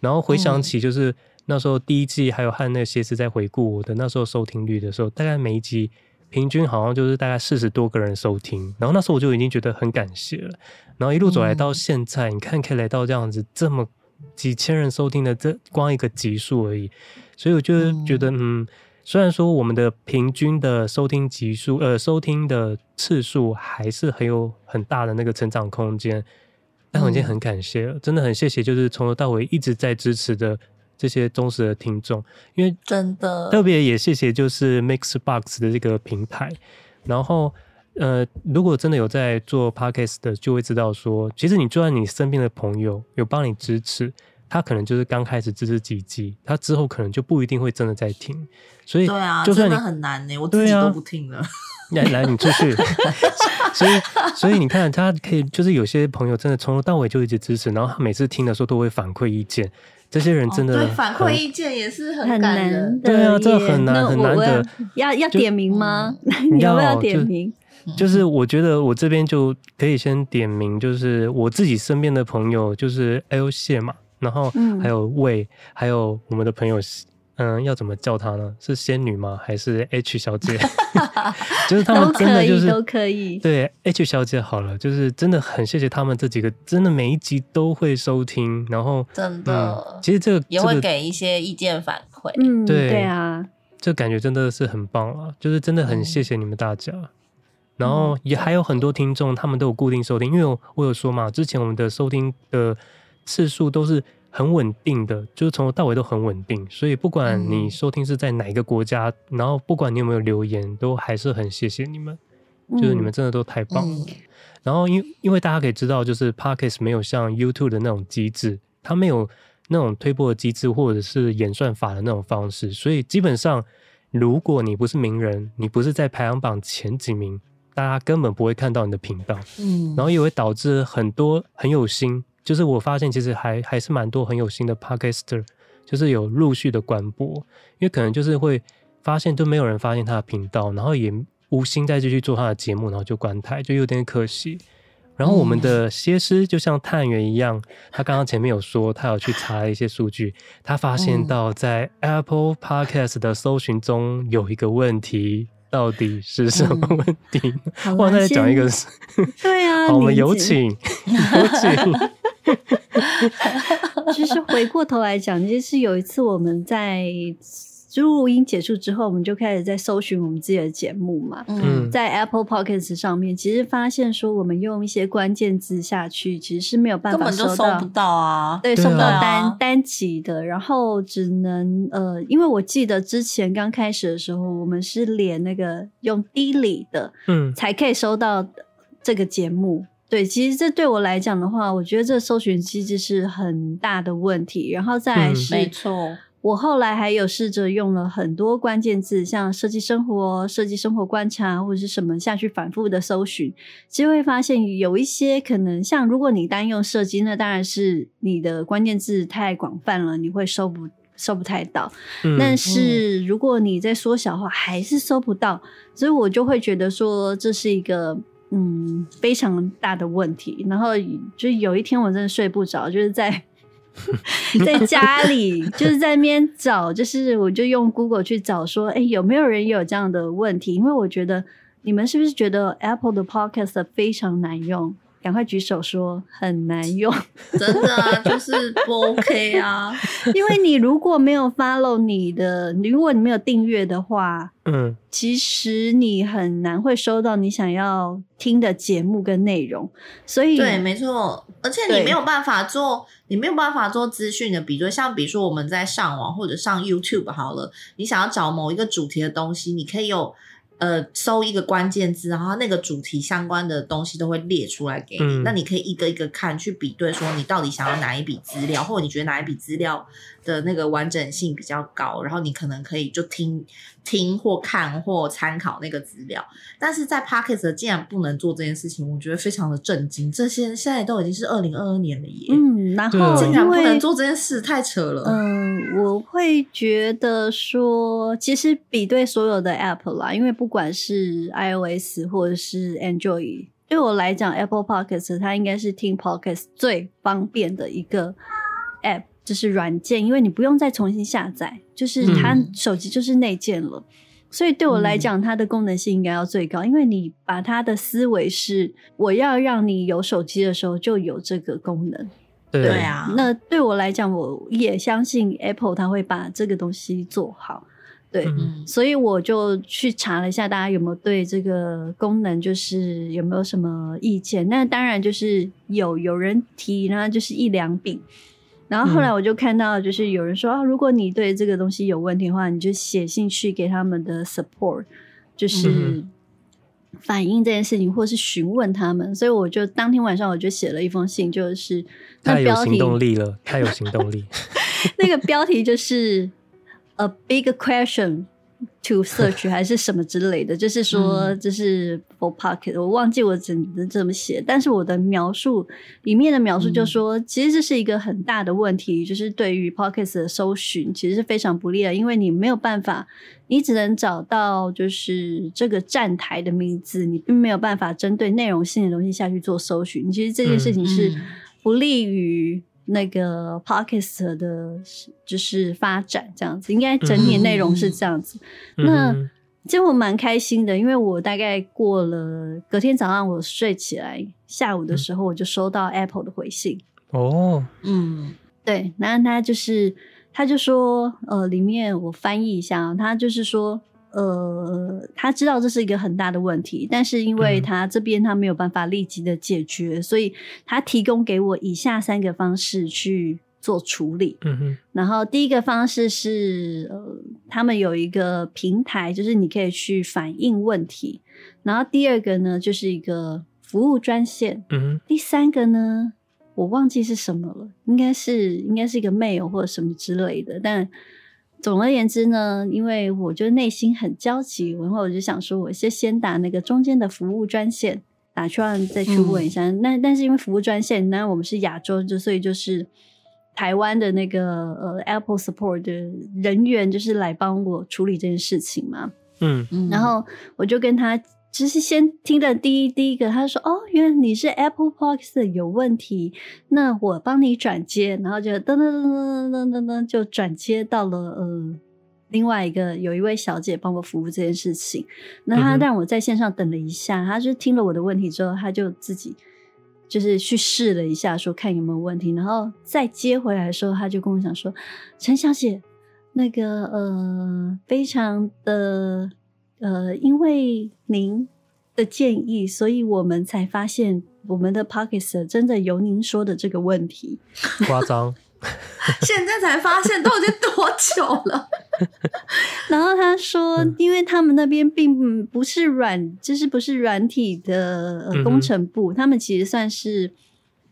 然後回想起就是、嗯、那時候第一季還有和那些是在回顧我的那時候收聽率的時候，大概每一集。平均好像就是大概四十多個人收聽，然後那時候我就已經覺得很感謝了。然後一路走來到現在，嗯、你看可以來到這樣子這麼幾千人收聽的這光一個集數而已，所以我就覺得嗯，嗯，雖然說我們的平均的收聽集數呃收聽的次數還是很有很大的那個成長空間，但我已經很感謝了，嗯、真的很謝謝，就是從頭到尾一直在支持的這些忠實的聽眾，因為真的特別也謝謝就是 Mixbox 的這個平台。然後，呃，如果真的有在做 Podcast 的，就會知道說，其實你就算你身邊的朋友有幫你支持，他可能就是剛開始支持幾集、集，他之後可能就不一定會真的在聽。所以就算你，對啊，就算很難、欸、我自己都不聽了。那、啊 哎、來你出去。 所以，所以你看，他可以就是有些朋友真的從頭到尾就一直支持，然後他每次聽的時候都會反饋意見。這些人真的、哦，反饋意見也是很很難的。對，對啊，這很難對很難的。難要就要點名嗎？你哦、 你要不要點名就？就是我覺得我這邊就可以先點名，就是我自己身邊的朋友，就是 L 謝嘛，然後還有魏，嗯、還有我們的朋友。嗯，要怎麼叫她呢？是仙女嗎？還是 H 小姐？ 就是他們真的就是都可以。可以對，H 小姐好了，就是真的，很謝謝他們這幾個，真的每一集都會收聽，然後真的、嗯，其實這個也會給一些意見反饋。嗯，對對啊，這感覺真的是很棒啊！就是真的很謝謝你們大家，嗯、然後也還有很多聽眾，他們都有固定收聽，因為我，我有說嘛，之前我們的收聽的次數都是。很穩定的，就是從頭到尾都很穩定，所以不管你收聽是在哪一個國家，嗯、然後不管你有沒有留言，都還是很謝謝你們，嗯、就是你們真的都太棒了。嗯、然後因因為大家可以知道，就是 Podcast 沒有像 YouTube 的那種機制，它沒有那種推播機制或者是演算法的那種方式，所以基本上如果你不是名人，你不是在排行榜前幾名，大家根本不會看到你的頻道，嗯，然後也會導致很多很有心。就是我發現，其實還還是蠻多很有心的 Podcaster，就是有陸續的關播，因為可能就是會發現都沒有人發現他的頻道，然後也無心再繼續做他的節目，然後就關台，就有點可惜。然後我們的歇思就像探員一樣，嗯、他剛剛前面有說，他有去查一些數據，他發現到在 Apple Podcast 的搜尋中有一個問題，到底是什麼問題？好、嗯，再講一個， 對啊，好，我們有請，有請。 其實回過頭來講，就是有一次我們在錄音結束之後，我們就開始在搜尋我們自己的節目嘛。嗯，在 Apple Podcast 上面，其實發現說我們用一些關鍵字下去，其實是沒有辦法搜到，根本就搜不到啊。對，搜不到單、啊、單集的，然後只能呃，因為我記得之前剛開始的時候，我們是連那個用 D Li 的，嗯，才可以搜到這個節目。對，其實這對我來講的話，我覺得這搜尋機制是很大的問題。然後再來是，嗯、沒錯，我後來還有試着用了很多關鍵字，像“設計生活”“設計生活觀察”或者是什麼下去反覆的搜尋，其實會發現有一些可能，像如果你單用“設計”，那當然是你的關鍵字太廣泛了，你會搜不搜不太到。嗯、但是、嗯、如果你再縮小的話，還是搜不到，所以我就會覺得說這是一個。嗯，非常大的問題。然後就有一天，我真的睡不着，就是在 在家裡， 就是在那邊找，就是我就用 Google 去找說，說、欸、哎，有沒有人有這樣的問題？因為我覺得你們是不是覺得 Apple 的 Podcast 非常難用？趕快舉手說，很難用， 真的啊，就是不 OK 啊！ 因為你如果沒有 follow 你的，如果你沒有訂閱的話，嗯，其實你很難會收到你想要聽的節目跟內容。所以對，沒錯，而且你沒有辦法做，對你沒有辦法做資訊的，比如說像比如說我們在上網或者上 YouTube 好了，你想要找某一個主題的東西，你可以有。呃，搜一個關鍵字，然後那個主題相關的東西都會列出來給你，嗯、那你可以一個一個看，去比對，說你到底想要哪一筆資料，或者你覺得哪一筆資料。的那個完整性比較高，然後你可能可以就聽聽或看或參考那個資料，但是在 Podcast 竟然不能做這件事情，我覺得非常的震驚。這些現在都已經是二零二二年了耶，嗯，然後對竟然不能做這件事，為太扯了。嗯，我會覺得說，其實比對所有的 App 啦，因為不管是 iOS 或者是 Android，對我來講，Apple Podcast 它應該是聽 Podcast 最方便的一個 App。就是軟件，因為你不用再重新下載，就是它手機就是內建了，嗯、所以對我來講，它的功能性應該要最高，嗯、因為你把它的思維是我要讓你有手機的時候就有這個功能，對啊對。那對我來講，我也相信 Apple 它會把這個東西做好，對。嗯、所以我就去查了一下，大家有沒有對這個功能就是有沒有什麼意見？那當然就是有，有人提呢，那就是一兩筆。然後後來我就看到，就是有人說啊，如果你對這個東西有問題的話，你就寫信去給他們的 support，就是反映這件事情，或是詢問他們。所以我就當天晚上我就寫了一封信，就是那標題太有行動力了，太有行動力。 那個標題就是 A big question。To search 還是什麼之類的， 就是說，就、嗯、是 for pocket，我忘記我怎怎麼寫，但是我的描述裡面的描述就說，嗯、其實這是一個很大的問題，就是對於 pocket 的搜尋其實是非常不利的，因為你沒有辦法，你只能找到就是這個站台的名字，你並沒有辦法針對內容性的東西下去做搜尋，其實這件事情是不利於。那個 podcast 的就是發展這樣子，應該整體內容是這樣子。嗯、那、嗯、結果蠻開心的，因為我大概過了隔天早上，我睡起來，下午的時候我就收到 Apple 的回信。哦、嗯，嗯，對，那他就是，他就說，呃，裡面我翻譯一下，他就是說。呃，他知道這是一個很大的問題，但是因為他這邊他沒有辦法立即的解決，嗯哼，所以他提供給我以下三個方式去做處理。嗯哼，然後第一個方式是，呃，他們有一個平台，就是你可以去反映問題。然後第二個呢，就是一個服務專線。嗯哼，第三個呢，我忘記是什麼了，應該是應該是一個 mail 或者什麼之類的，但。總而言之呢，因為我就內心很焦急，然後我就想說，我先先打那個中間的服務專線，打去，再去問一下。嗯、那但是因為服務專線，那我們是亞洲，就所以就是台灣的那個呃 Apple Support 的人員，就是來幫我處理這件事情嘛。嗯，然後我就跟他。只是先聽的第一第一個，他說：“哦，原來你是 Apple Box 有問題，那我幫你轉接。”然後就噔噔噔噔噔噔噔就轉接到了呃另外一個有一位小姐幫我服務這件事情。那她讓我在線上等了一下，她、嗯、哼就聽了我的問題之後，她就自己就是去試了一下，說看有沒有問題。然後再接回來的時候，她就跟我講說：“陳小姐，那個呃，非常的。”呃，因為您的建議，所以我們才發現我們的 Pocket 真的有您說的這個問題，誇張。誇張 現在才發現都已經多久了。 然後他說，因為他們那邊並不是軟，就是不是軟體的工程部，嗯、哼他們其實算是。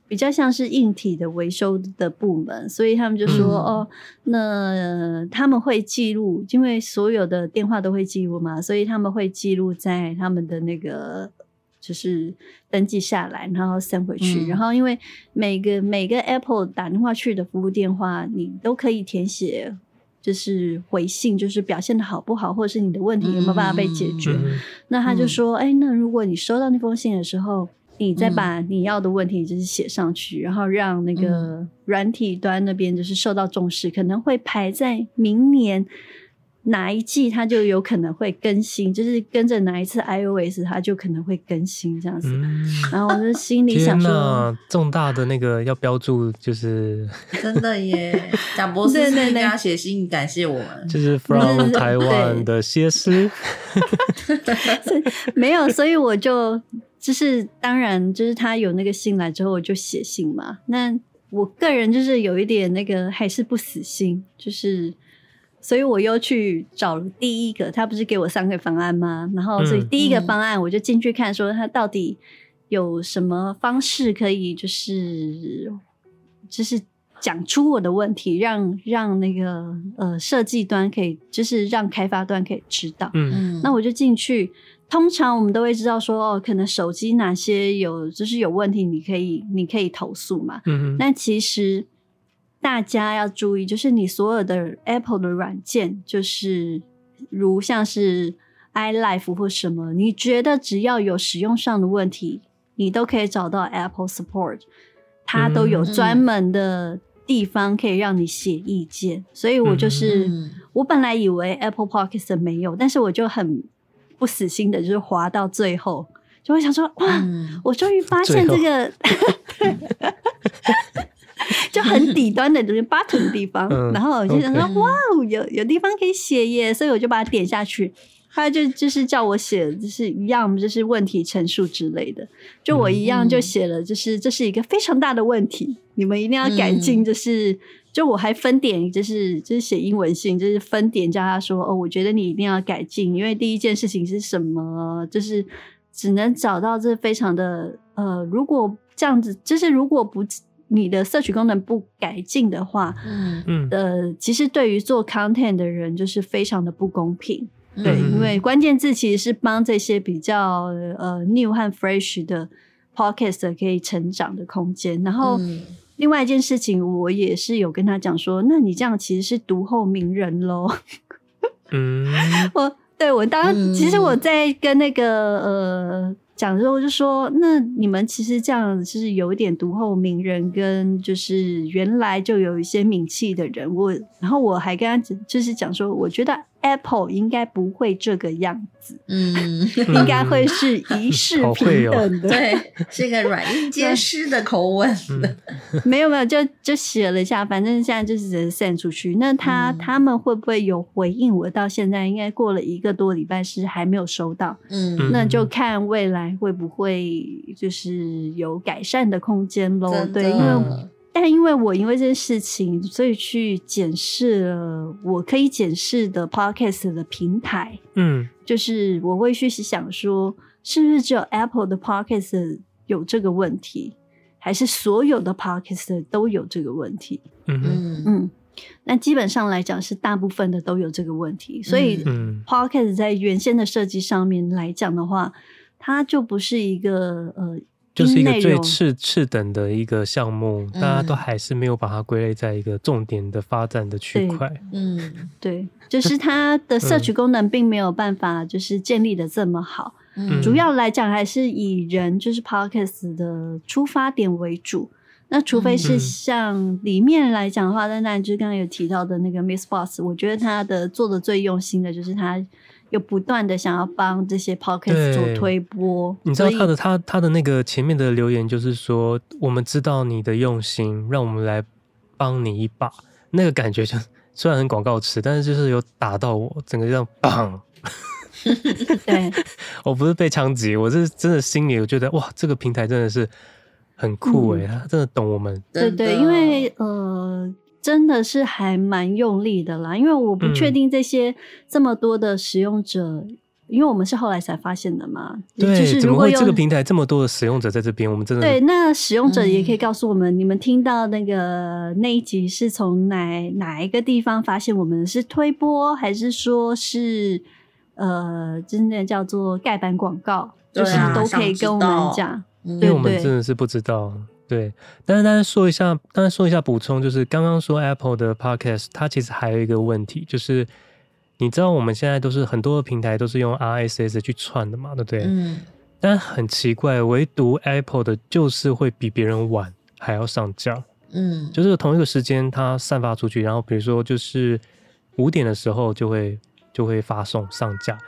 比較像是硬體的維修的部門，所以他們就說：“嗯、哦，那他們會記錄，因為所有的電話都會記錄嘛，所以他們會記錄在他們的那個，就是登記下來，然後 send 回去。嗯、然後因為每個每個 Apple 打電話去的服務電話，你都可以填寫，就是回信，就是表現的好不好，或者是你的問題有沒有辦法被解決。嗯嗯、那他就說：哎、欸，那如果你收到那封信的時候。”你再把你要的問題就是寫上去，嗯、然後讓那個軟體端那邊就是受到重視，嗯、可能會排在明年哪一季，它就有可能會更新，就是跟着哪一次 iOS，它就可能會更新這樣子。嗯、然後我就心裡想說，那重大的那個要標註就是 真的耶，蔣博士那要寫信感謝我們， 就是 from 台灣的歇思， 沒有，所以我就。就是當然，就是他有那個信來之後，我就寫信嘛。那我個人就是有一點那個還是不死心，就是，所以我又去找了第一個，他不是給我三個方案嗎？然後所以第一個方案我就進去看，說他到底有什麼方式可以，就是就是講出我的問題，讓讓那個呃設計端可以，就是讓開發端可以知道。嗯嗯，那我就進去。通常我們都會知道說哦，可能手機哪些有就是有問題，你可以你可以投訴嘛。嗯哼。但其實大家要注意，就是你所有的 Apple 的軟件，就是如像是 iLife 或什麼，你覺得只要有使用上的問題，你都可以找到 Apple Support，它都有專門的地方可以讓你寫意見。嗯、哼所以我就是、嗯、哼我本來以為 Apple Podcast 沒有，但是我就很。不死心的，就是滑到最後，就會想說：哇，嗯、我終於發現這個後 就很底端的就是 button 地方，嗯、然後我就想說：嗯、哇哦，有有地方可以寫耶，所以我就把它點下去。他就就是叫我寫，就是一樣，就是問題陳述之類的。就我一樣就寫了，就是、嗯、這是一個非常大的問題，你們一定要改進。嗯、就是就我還分點、就是，就是就是寫英文信，就是分點叫他說哦，我覺得你一定要改進，因為第一件事情是什麼？就是只能找到這非常的呃，如果這樣子，就是如果不你的 search 功能不改進的話，嗯嗯呃，其實對於做 content 的人就是非常的不公平。對，嗯、因為關鍵字其實是幫這些比較呃 new 和 fresh 的 podcast 可以成長的空間。然後，另外一件事情，我也是有跟他講說，那你這樣其實是獨厚名人嘍。嗯， 我，對，我當、嗯、其實我在跟那個呃講的時候，我就說，那你們其實這樣是有點獨厚名人，跟就是原來就有一些名氣的人，我，然後我還跟他就是講說，我覺得。Apple 應該不會這個樣子，嗯， 應該會是一視平等的，嗯哦、 對，是個軟硬兼施的口吻。沒有沒有，就就寫了一下，反正現在就是只是 send 出去。那他他們會不會有回應？我到現在、嗯、應該過了一個多禮拜，是還沒有收到。嗯，那就看未來會不會就是有改善的空間嘍。的對，因為、嗯。但因為我因為這件事情，所以去檢視了、呃、我可以檢視的 Podcast 的平台，嗯，就是我會去想說，是不是只有 Apple 的 Podcast 有這個問題，還是所有的 Podcast 都有這個問題？嗯哼嗯，那基本上來講是大部分的都有這個問題，所以 Podcast 在原先的設計上面來講的話，它就不是一個呃。就是一個最次次等的一個項目，大家都還是沒有把它歸類在一個重點的發展的區塊。嗯，對，就是它的社群功能並沒有辦法就是建立的這麼好。嗯，主要來講還是以人就是 podcasts 的出發點為主。那除非是像裡面來講的話，丹丹，嗯，就剛剛有提到的那個 Miss Boss，我覺得他的做的最用心的就是他。又不斷的想要幫這些 podcast 做推播，對以你知道他的他他的那個前面的留言就是說，我們知道你的用心，讓我們來幫你一把，那個感覺就雖然很廣告詞，但是就是有打到我，整個這樣棒。 對,我不是被槍擊，我是真的心裡我覺得哇，這個平台真的是很酷哎、欸,嗯、他真的懂我們。對，對對，哦、因為呃。真的是還蠻用力的啦，因為我不確定這些這麼多的使用者，嗯、因為我們是後來才發現的嘛。對，就是怎麼會有這個平台這麼多的使用者在這邊？我們真的對，那使用者也可以告訴我們，嗯、你們聽到那個那一集是從哪哪一個地方發現我們是推播，還是說是呃，真的就是叫做蓋板廣告，啊、就是都可以跟我們講，因為、嗯、我們真的是不知道。對，但是大家說一下，大家說一下補充，就是剛剛說 Apple 的 Podcast，它其實還有一個問題，就是你知道我們現在都是很多的平台都是用 RSS 去串的嘛，對不對？嗯。但很奇怪，唯獨 Apple 的就是會比別人晚還要上架，嗯，就是同一個時間它散發出去，然後比如說就是五點的時候就會就會發送上架。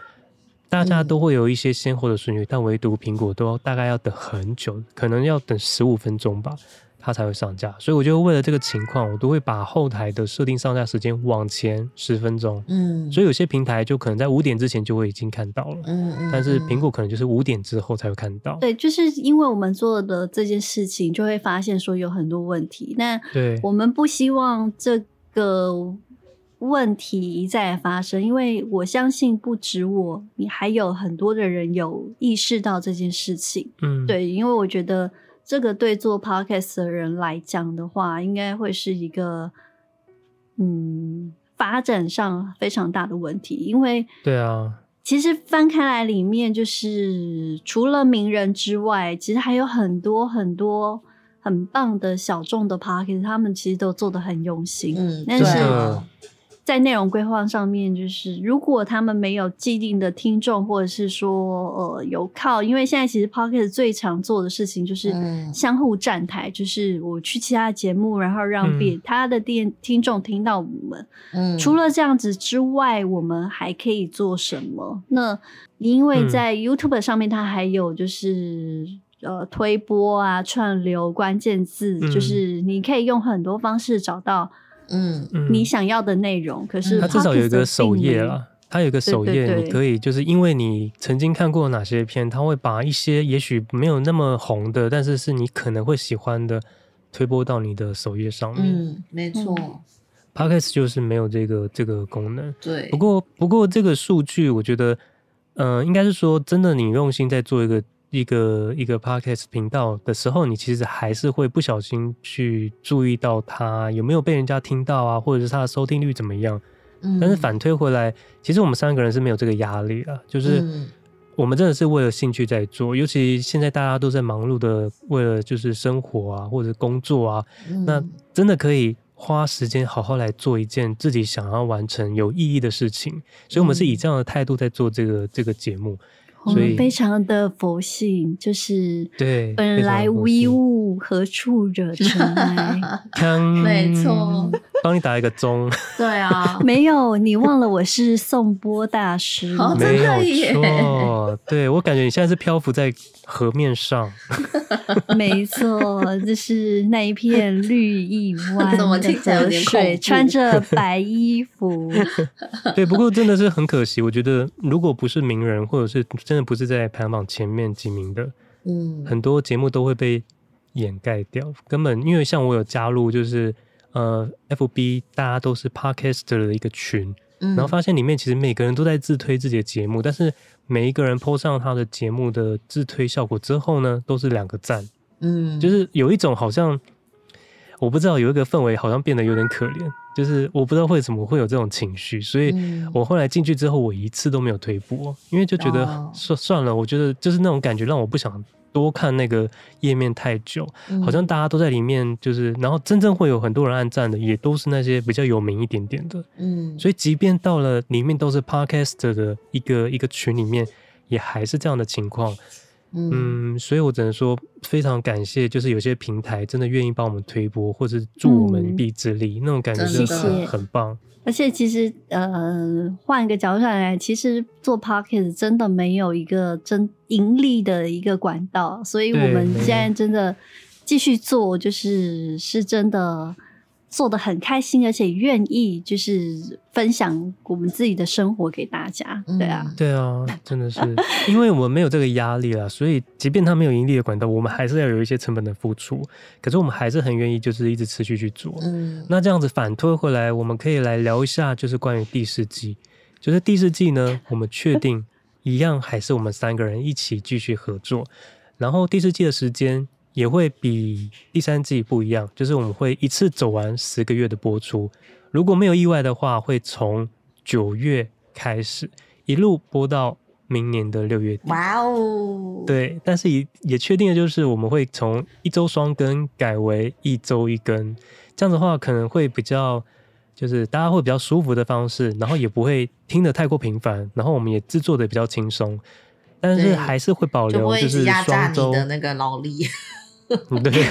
大家都會有一些先後的順序，但唯獨蘋果都大概要等很久，可能要等十五分鐘吧，它才會上架。所以我就為了這個情況，我都會把後台的設定上架時間往前十分鐘。嗯，所以有些平台就可能在五點之前就會已經看到了，嗯嗯，嗯，但是蘋果可能就是五點之後才會看到。對，就是因為我們做的這件事情，就會發現說有很多問題。那對，我們不希望這個。問題一再發生，因為我相信不止我，你還有很多的人有意識到這件事情。嗯，對，因為我覺得這個對做 podcast 的人來講的話，應該會是一個嗯發展上非常大的問題。因為對啊，其實翻開來裡面就是除了名人之外，其實還有很多很多很棒的小眾的 podcast，他們其實都做得很用心。嗯，但是。呃在內容規劃上面，就是如果他們沒有既定的聽眾，或者是說呃有靠，因為現在其實 podcast 最常做的事情就是相互站台，嗯、就是我去其他節目，然後讓別、嗯、他的電聽眾聽到我們。嗯、除了這樣子之外，我們還可以做什麼？那因為在 YouTube 上面，它還有就是、嗯、呃推播啊、串流關鍵字，嗯、就是你可以用很多方式找到。嗯，你想要的內容，嗯、可是它至少有一個首頁啦，它有一個首頁，你可以就是因為你曾經看過哪些片，他會把一些也許沒有那麼紅的，但是是你可能會喜歡的推播到你的首頁上面。嗯，沒錯、嗯、Podcast 就是沒有這個這個功能。對，不過不過這個數據，我覺得，嗯、呃、應該是說真的，你用心在做一個。一個一個 podcast 頻道的時候，你其實還是會不小心去注意到它有沒有被人家聽到啊，或者是它的收聽率怎麼樣。嗯、但是反推回來，其實我們三個人是沒有這個壓力的、啊，就是我們真的是為了興趣在做。嗯、尤其現在大家都在忙碌的為了就是生活啊或者工作啊，嗯、那真的可以花時間好好來做一件自己想要完成有意義的事情。所以，我們是以這樣的態度在做這個、嗯、這個節目。我們、哦、以非常的佛系，就是對本來無一物，何處惹塵埃？沒錯，幫你打一個鐘。 對啊，沒有你忘了我是頌缽大師， 哦、真的耶有哦，對，我感覺你現在是漂浮在河面上， 沒錯，就是那一片綠意彎的河水， 穿着白衣服。 對，不過真的是很可惜，我覺得如果不是名人，或者是真。不是在排行榜前面幾名的，嗯，很多節目都會被掩蓋掉。根本因為像我有加入，就是呃，FB 大家都是 Podcaster 的一個群，嗯，然後發現裡面其實每個人都在自推自己的節目，但是每一個人 post 上他的節目的自推效果之後呢，都是兩個讚，嗯，就是有一種好像。我不知道有一個氛圍好像變得有點可憐，就是我不知道為什麼會有這種情緒，所以我後來進去之後，我一次都沒有推播，因為就覺得算算了，oh. 我覺得就是那種感覺讓我不想多看那個頁面太久，好像大家都在裡面，就是然後真正會有很多人按讚的，也都是那些比較有名一點點的，嗯，所以即便到了裡面都是 podcast 的一個一個群裡面，也還是這樣的情況。嗯，所以我只能說非常感謝，就是有些平台真的願意幫我們推播，或者助我們一臂之力，嗯、那種感覺真的很，真的很棒。而且其實，呃，換一個角度來，其實做 Podcast 真的沒有一個真盈利的一個管道，所以我們現在真的繼續做，就是對是真的。做得很開心，而且願意就是分享我們自己的生活給大家，對啊，嗯、對啊，真的是，因為我們沒有這個壓力了， 所以即便它沒有盈利的管道，我們還是要有一些成本的付出。可是我們還是很願意，就是一直持續去做。嗯，那這樣子反推回來，我們可以來聊一下，就是關於第四季，就是第四季呢，我們確定 一樣還是我們三個人一起繼續合作，然後第四季的時間也會比第三季不一樣，就是我們會一次走完十個月的播出，如果沒有意外的話，會從九月開始一路播到明年的六月底。哇哦！對，但是也也確定的就是，我們會從一週雙更改為一週一更，這樣的話可能會比較，就是大家會比較舒服的方式，然後也不會聽得太過頻繁，然後我們也製作的比較輕鬆，但是還是會保留就是雙週、啊、的那個勞力。 對,對,對，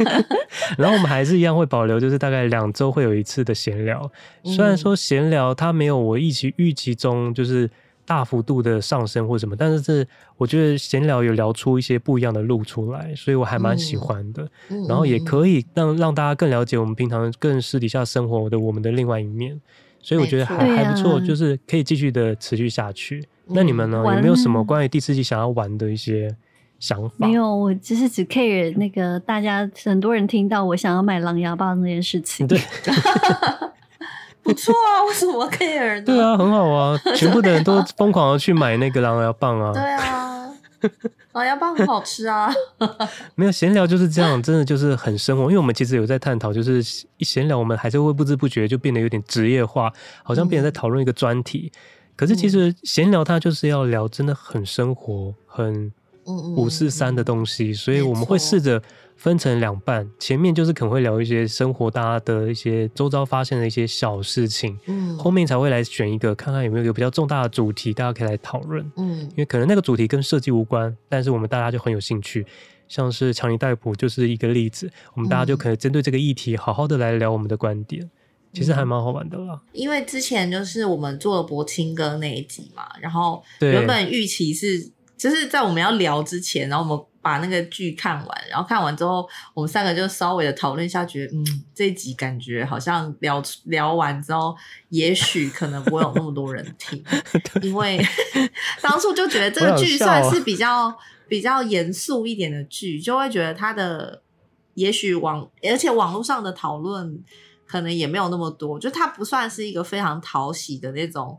然後我們還是一樣會保留，就是大概兩周會有一次的閒聊。嗯、雖然說閒聊它沒有我預期預期中就是大幅度的上升或什麼，但是這我覺得閒聊有聊出一些不一樣的路出來，所以我還蠻喜歡的。嗯、然後也可以讓讓大家更了解我們平常更私底下生活的我們的另外一面，所以我覺得還錯還不錯，啊、就是可以繼續的持續下去。嗯、那你們呢？玩有沒有什麼關於第四季想要玩的一些？想法。沒有，我就是只 care 那個大家很多人聽到我想要買狼牙棒那件事情。對， 不錯啊，為什麼 care？對啊，很好啊，全部的人都瘋狂的去買那個狼牙棒啊。 對啊，狼牙棒很好吃啊。 沒有，閒聊就是這樣，真的就是很生活。 因為我們其實有在探討，就是一閒聊，我們還是會不知不覺就變得有點職業化，好像變得在討論一個專題。嗯。可是其實閒聊它就是要聊，真的很生活，很。嗯嗯嗯，五四三的東西，所以我們會試着分成兩半，沒錯，前面就是可能會聊一些生活，大家的一些周遭發現的一些小事情，嗯，後面才會來選一個，看看有沒有一個比較重大的主題，大家可以來討論。嗯，因為可能那個主題跟設計無關，但是我們大家就很有興趣，像是強尼戴普就是一個例子，我們大家就可以針對這個議題好好的來聊我們的觀點，嗯，其實還蠻好玩的啦。因為之前就是我們做了柏青哥那一集嘛，然後原本預期是。就是在我們要聊之前，然後我們把那個劇看完，然後看完之後，我們三個就稍微的討論一下，覺得嗯，這一集感覺好像聊聊完之後，也許可能不會有那麼多人聽， 因為 當初就覺得這個劇算是比較 比較嚴肅一點的劇，就會覺得它的也許網，而且網絡上的討論可能也沒有那麼多，就它不算是一個非常討喜的那種。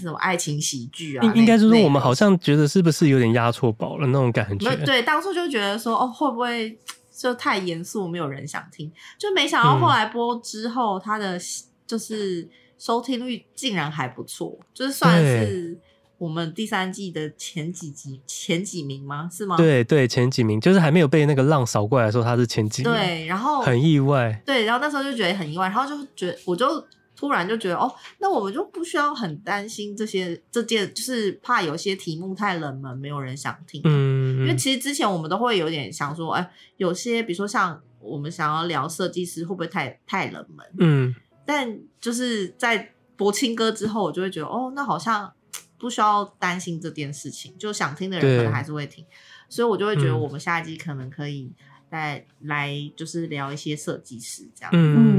什麼愛情喜劇啊？應應該是說，我們好像覺得是不是有點押錯寶了那種感覺？對，當初就覺得說，哦，會不會就太嚴肅，沒有人想聽？就沒想到後來播之後，它、嗯、的就是收聽率竟然還不錯，就是算是我們第三季的前幾集對前幾名嗎？是嗎？對對，前幾名，就是還沒有被那個浪掃過來的時候，它是前幾名。對，然後很意外。對，然後那時候就覺得很意外，然後就覺得我就。突然就覺得哦，那我們就不需要很擔心這些這件，就是怕有些題目太冷門，沒有人想聽。嗯，因為其實之前我們都會有點想說，哎、呃，有些比如說像我們想要聊設計師，會不會太太冷門？嗯，但就是在《博清歌》之後，我就會覺得哦，那好像不需要擔心這件事情，就想聽的人可能還是會聽，對所以我就會覺得我們下一季可能可以再來，就是聊一些設計師這樣。嗯。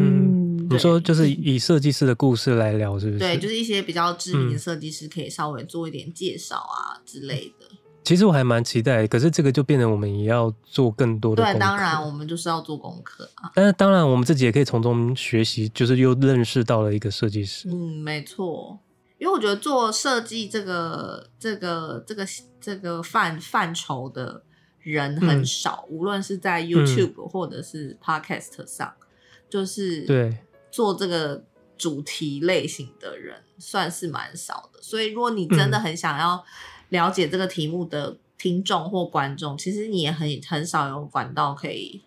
我說就是以設計師的故事來聊，是不是？對，就是一些比較知名的設計師，可以稍微做一點介紹啊、嗯、之類的。其實我還蠻期待，可是這個就變成我們也要做更多的功課。對，當然我們就是要做功課啊。但是當然，我們自己也可以從中學習，就是又認識到了一個設計師。嗯，沒錯，因為我覺得做設計這個、這個、這個、這個範範疇的人很少，嗯、無論是在 YouTube 或者是 Podcast 上，嗯、就是對。做這個主題類型的人算是蠻少的，所以如果你真的很想要了解這個題目的聽眾或觀眾，嗯、其實你也很很少有管道可以、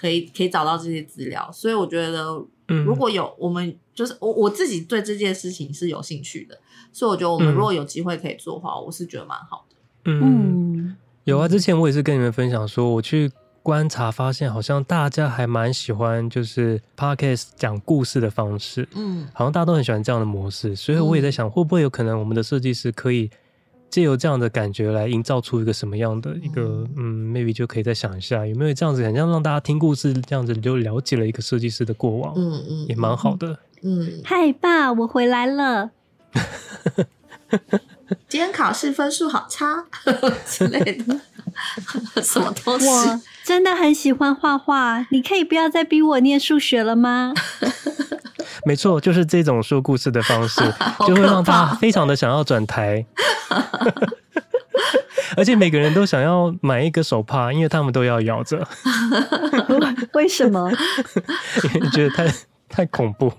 可以、可以找到這些資料。所以我覺得，如果有、嗯、我們就是我我自己對這件事情是有興趣的，所以我覺得我們如果有機會可以做的話，嗯、我是覺得蠻好的。嗯，有啊，嗯、之前我也是跟你們分享說我去。觀察發現，好像大家還蠻喜歡就是 podcast 講故事的方式，嗯，好像大家都很喜歡這樣的模式，所以我也在想，會不會有可能我們的設計師可以借由這樣的感覺來營造出一個什麼樣的一個，嗯、嗯，maybe 就可以再想一下，有沒有這樣子，感覺讓大家聽故事這樣子就了解了一個設計師的過往，嗯嗯，嗯也蠻好的。嗯，嗨、嗯、爸，我回來了， 今天考試分數好差 之類的。什麼東西？我真的很喜歡畫畫，你可以不要再逼我念數學了嗎？ 沒錯，就是這種說故事的方式， 怕就會讓他非常的想要轉台。 而且每個人都想要買一個手帕，因為他們都要咬着。 為什麼？ 因為覺得他。太恐怖！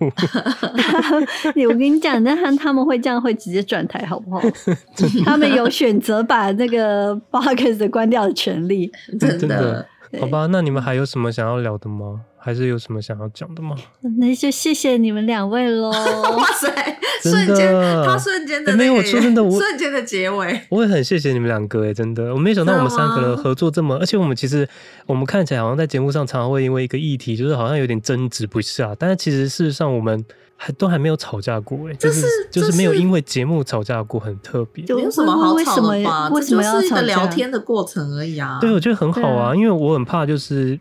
我跟你講，那他們會這樣，會直接轉台，好不好？ 的他們有選擇把那個 podcast 關掉的權利，真的。好吧，那你們還有什麼想要聊的嗎？還是有什麼想要講的嗎？那就謝謝你們兩位嘍！ 哇塞，的瞬間，他瞬間的那個、欸、沒有，我說真的，我瞬間的結尾，我也很謝謝你們兩個誒、欸，真的，我沒想到我們三個人合作這麼，嗎而且我們其實我們看起來好像在節目上常常會因為一個議題，就是好像有點爭執不下、啊，但是其實事實上我們。還都還沒有吵架過哎、欸，是就是就是沒有因為節目吵架過，很特別。沒有什麼好吵的吧？為什，為什麼要是一個聊天的過程而已啊。對，我覺得很好啊，啊因為我很怕就是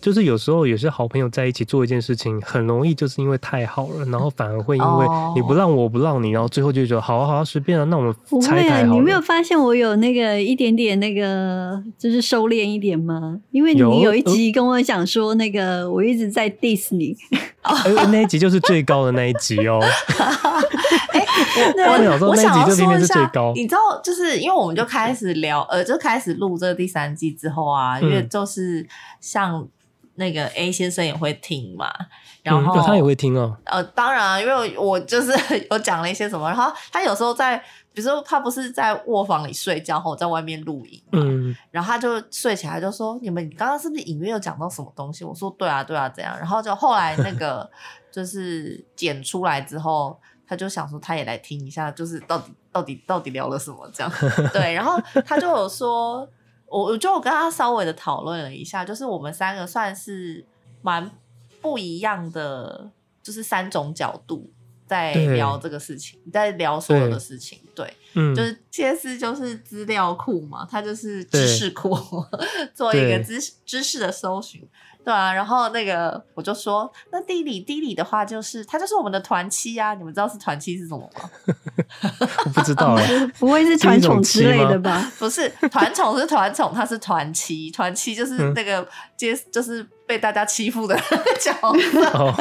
就是有時候有些好朋友在一起做一件事情，很容易就是因為太好了，然後反而會因為你不讓我不讓你，然後最後就說、oh. 好、啊、好隨、啊、便啊，那我們不會啊。你沒有發現我有那個一點點那個就是收斂一點嗎？因為你有一集跟我講說那個我一直在 diss 你。哦、 呃，那一集就是最高的那一集哦。哎、 欸，那 我時候那集就明明是最高。 你知道，就是因為我們就開始聊，嗯、呃，就開始錄這第三季之後啊，因為就是像那個 A 先生也會聽嘛，然後、嗯呃、他也會聽哦、啊。呃，當然、啊，因為我我就是我講了一些什麼，然後他有時候在。比如說他不是在臥房裡睡覺，後在外面露營嘛，嗯，然後他就睡起來就說：“你們剛剛是不是隱約有講到什麼東西？”我說：“對啊，對啊，這樣？”然後就後來那個就是剪出來之後， 他就想說他也來聽一下，就是到底到底到底聊了什麼這樣。 對，然後他就有說：“我我就我跟他稍微的討論了一下，就是我們三個算是蠻不一樣的，就是三種角度。”在聊這個事情，你對在聊所有的事情，對，對嗯，就是歇思就是資料庫嘛，它就是知識庫對，做一個知對知識的搜尋。對啊，然後那個我就說，那 D LiD Li 的話，就是它就是我們的團欺啊。你們知道是團欺是什麼嗎？ 我不知道， 不會是團寵之類的吧？ 不是，團寵是團寵，它是團欺。團欺就是那個、嗯、接，就是被大家欺負的角色，哦、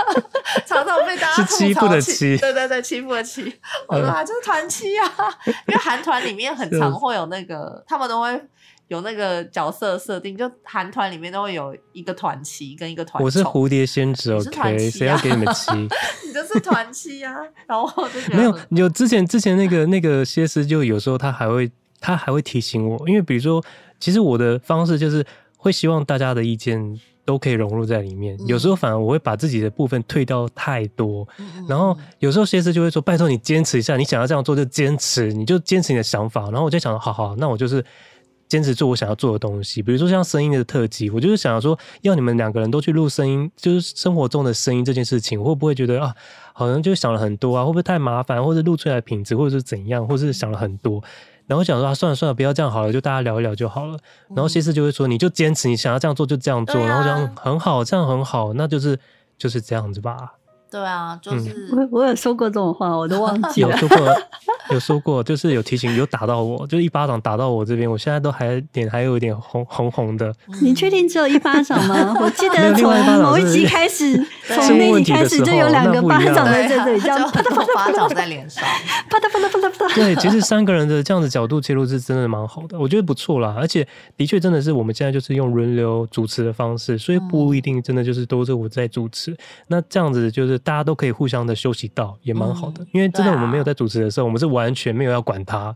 常常被大家欺負的欺。對對對，欺負的欺，對吧、嗯？我說就是團欺啊， 因為韓團裡面很常會有那個，的他們都會。有那個角色設定，就韓團裡面都會有一個團旗跟一個團。我是蝴蝶仙子，OK？誰要給你們旗？ 你就是團旗呀。然後就沒有，有之前之前那個那個歇思，就有時候他還會他還會提醒我，因為比如說，其實我的方式就是會希望大家的意見都可以融入在裡面。嗯、有時候反而我會把自己的部分退掉太多，嗯、然後有時候歇思就會說：“拜托你堅持一下，你想要這樣做就堅持，你就堅持你的想法。”然後我就想：“好好，那我就是。”堅持做我想要做的東西，比如說像聲音的特輯，我就是想說，要你們兩個人都去錄聲音，就是生活中的聲音這件事情，會不會覺得啊，好像就想了很多啊，會不會太麻煩，或者錄出來的品質，或者是怎樣，或者是想了很多，然後想說啊，算了算了，不要這樣好了，就大家聊一聊就好了。然後歇思就會說，你就堅持你想要這樣做，就這樣做，啊、然後想，很好，這樣很好，那就是就是這樣子吧。對啊，就是我、嗯、我有說過這種話，我都忘記了。 有說過，有說過，就是有提醒，有打到我，就一巴掌打到我這邊，我現在都還臉還有一點紅紅紅的。你確定只有一巴掌嗎？ 我記得從某一集開始， 從那集開始就有兩個巴掌在這裡，對這樣啪噠啪噠啪噠在臉上，啪噠啪噠啪噠啪噠。對，其實三個人的這樣子角度切入是真的蠻好的，我覺得不錯啦。而且的確真的是我們現在就是用輪流主持的方式，所以不一定真的就是都是我在主持。嗯、那這樣子就是。大家都可以互相的休息到，也蠻好的。嗯、因為真的，我們沒有在主持的時候，啊、我們是完全沒有要管他，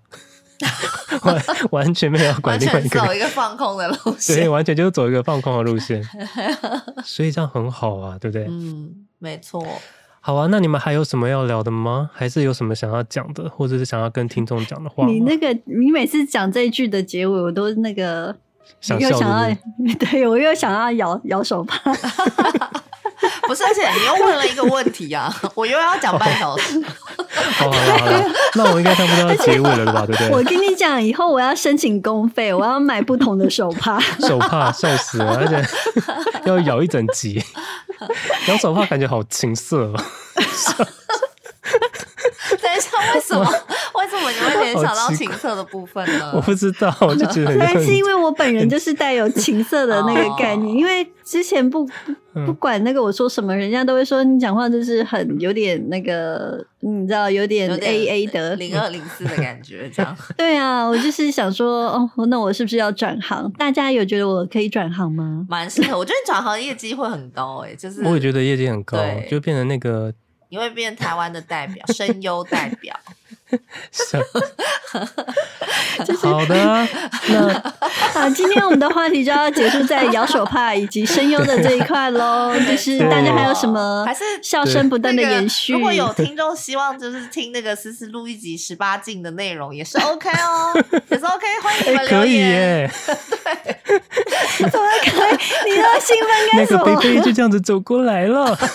完，完全沒有要管另外一個，走一個放空的路線，對，完全就是走一個放空的路線， 所以這樣很好啊，對不對？嗯，沒錯。好啊，那你們還有什麽要聊的嗎？還是有什麽想要講的，或者是想要跟聽眾講的話？你那個，你每次講這一句的結尾，我都那個，想笑是不是？又想要，對，我又想要咬咬手帕。 不是，而且你又問了一個問題啊， 我又要講半小時。哦哦、好好 那我應該差不多要結尾了對吧？且對不對？我跟你講，以後我要申請公費，我要買不同的手帕。手帕笑死了，而且 要咬一整集，咬 手帕感覺好青澀。 為什麼？什麼為什麼你會聯想到情色的部分呢？我不知道，我就覺得 但是因為我本人就是帶有情色的那個概念。 哦、因為之前不不管那個我說什麼，人家都會說你講話就是很有點那個，你知道有點 A A 的零二零四的感覺這樣。 對啊，我就是想說，哦，那我是不是要轉行？大家有覺得我可以轉行嗎？蠻適合，我覺得轉行業績會很高誒、欸，就是我也覺得業績很高，對就變成那個。你會變台灣的代表，聲優代表。 就是、好的。那、 啊、今天我們的話題就要結束在搖手帕以及聲優的這一塊嘍。 對就是對大家還有什麼？還是笑聲不斷的延續、那個。如果有聽眾希望就是聽那個思思錄一集十八禁的內容，也是 OK 哦，也 是 OK。歡迎你們留言。怎麼、欸、可以、欸？你都興奮幹什麼？ 那個貝貝就這樣子走過來了。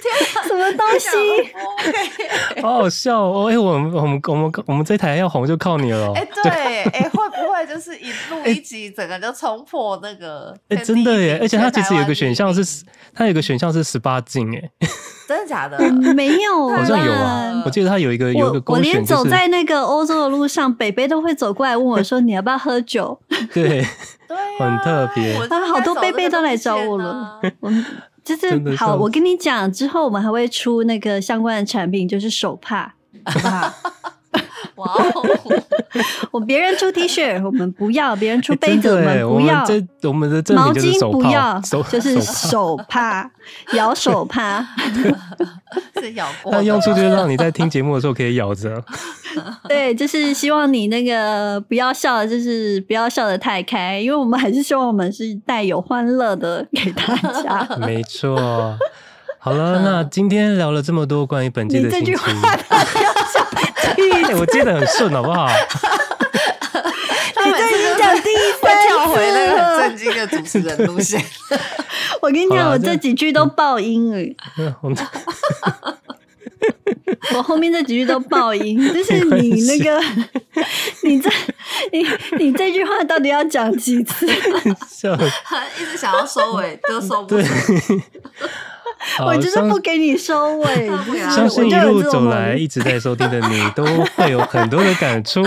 天，什麼東西？好、OK 欸哦、好笑哦！哎、欸，我們我們我們我們這台要紅就靠你了哎、哦欸，對，哎、欸，會不會就是一錄一集，整個就衝破那個？哎、欸，真的耶！而且他其實有一個選項是，它有個選項是十八禁哎、欸，真的假的？ 沒有好像有啊！我記得他有一個有一個選、就是。我我連走在那個歐洲的路上，北北都會走過來問我說：“你要不要喝酒？”對，對、啊，很特別。他、啊、好多北北都來找我了。就是，真的是好，我跟你講，之後我們還會出那個相關的產品，就是手帕，好不好？ 哇哦！Wow, 我別人出 T 恤，我們不要；別人出杯子，欸、我們不要。我這我們的就是手毛巾不要，手就是手帕， 咬手帕。那要對 過的。它用處就是讓你在聽節目的時候可以咬着。 對，就是希望你那個不要笑，就是不要笑得太開，因為我們還是希望我們是帶有歡樂的給大家。 沒錯。好了，那今天聊了這麼多關於本季的心情。 欸、我記得很順，好不好？你這再講第一分，跳回來，很正經的主持人東西 對 我跟你講，我這幾句都爆音了。我後面這幾句都爆音，就是你那個，你這你你這句話到底要講幾次？一直想要收尾都收不。 對 好我就是不給你收尾，欸。 相信一路走來一直在收聽的你， 都會有很多的感觸。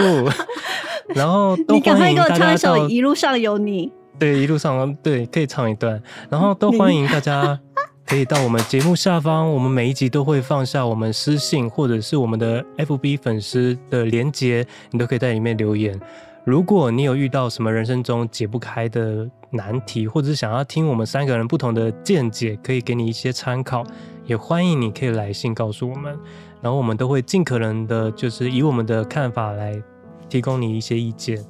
然後都歡迎大家，你趕快給我唱一首《一路上有你》。對，一路上，對，可以唱一段。然後，都歡迎大家可以到我們節目下方， 我們每一集都會放下我們私信或者是我們的 FB 粉絲的連接，你都可以在裡面留言。如果你有遇到什麼人生中解不開的難題，或者是想要聽我們三個人不同的見解，可以給你一些參考，也歡迎你可以來信告訴我們，然後我們都會盡可能的，就是以我們的看法來提供你一些意見。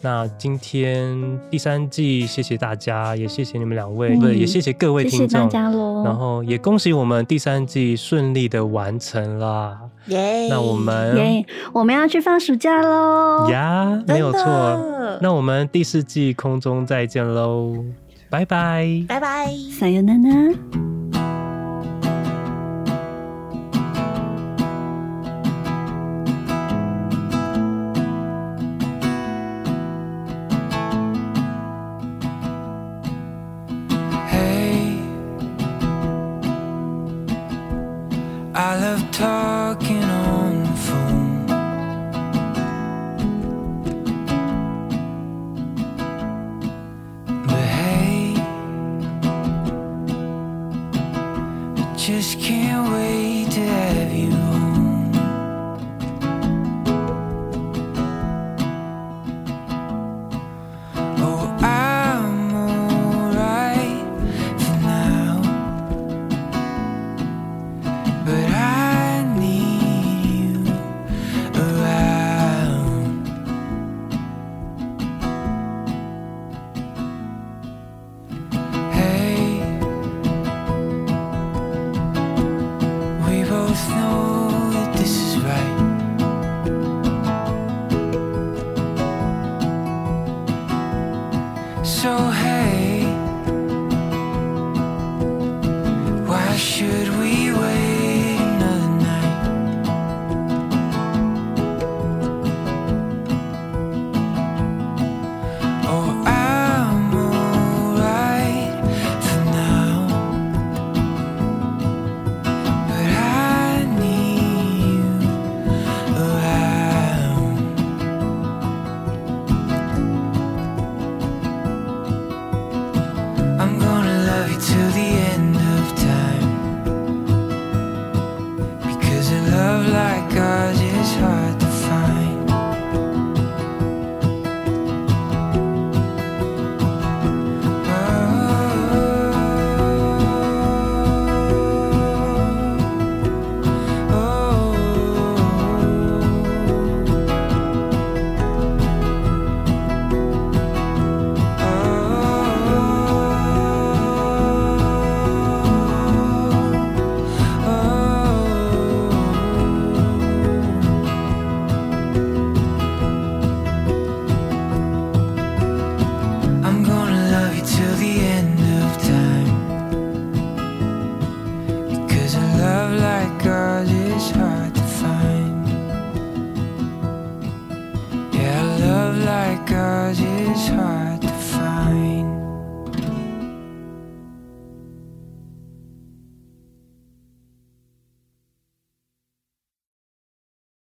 那今天第三季，謝謝大家，也謝謝你們兩位，嗯、對，也謝謝各位聽眾，謝謝大家咯。然後也恭喜我們第三季順利的完成了。耶！Yeah. 那我們，yeah, 我們要去放暑假嘍。呀，yeah, 沒有錯。的那我們第四季空中再見嘍，拜拜，拜拜，さよなら。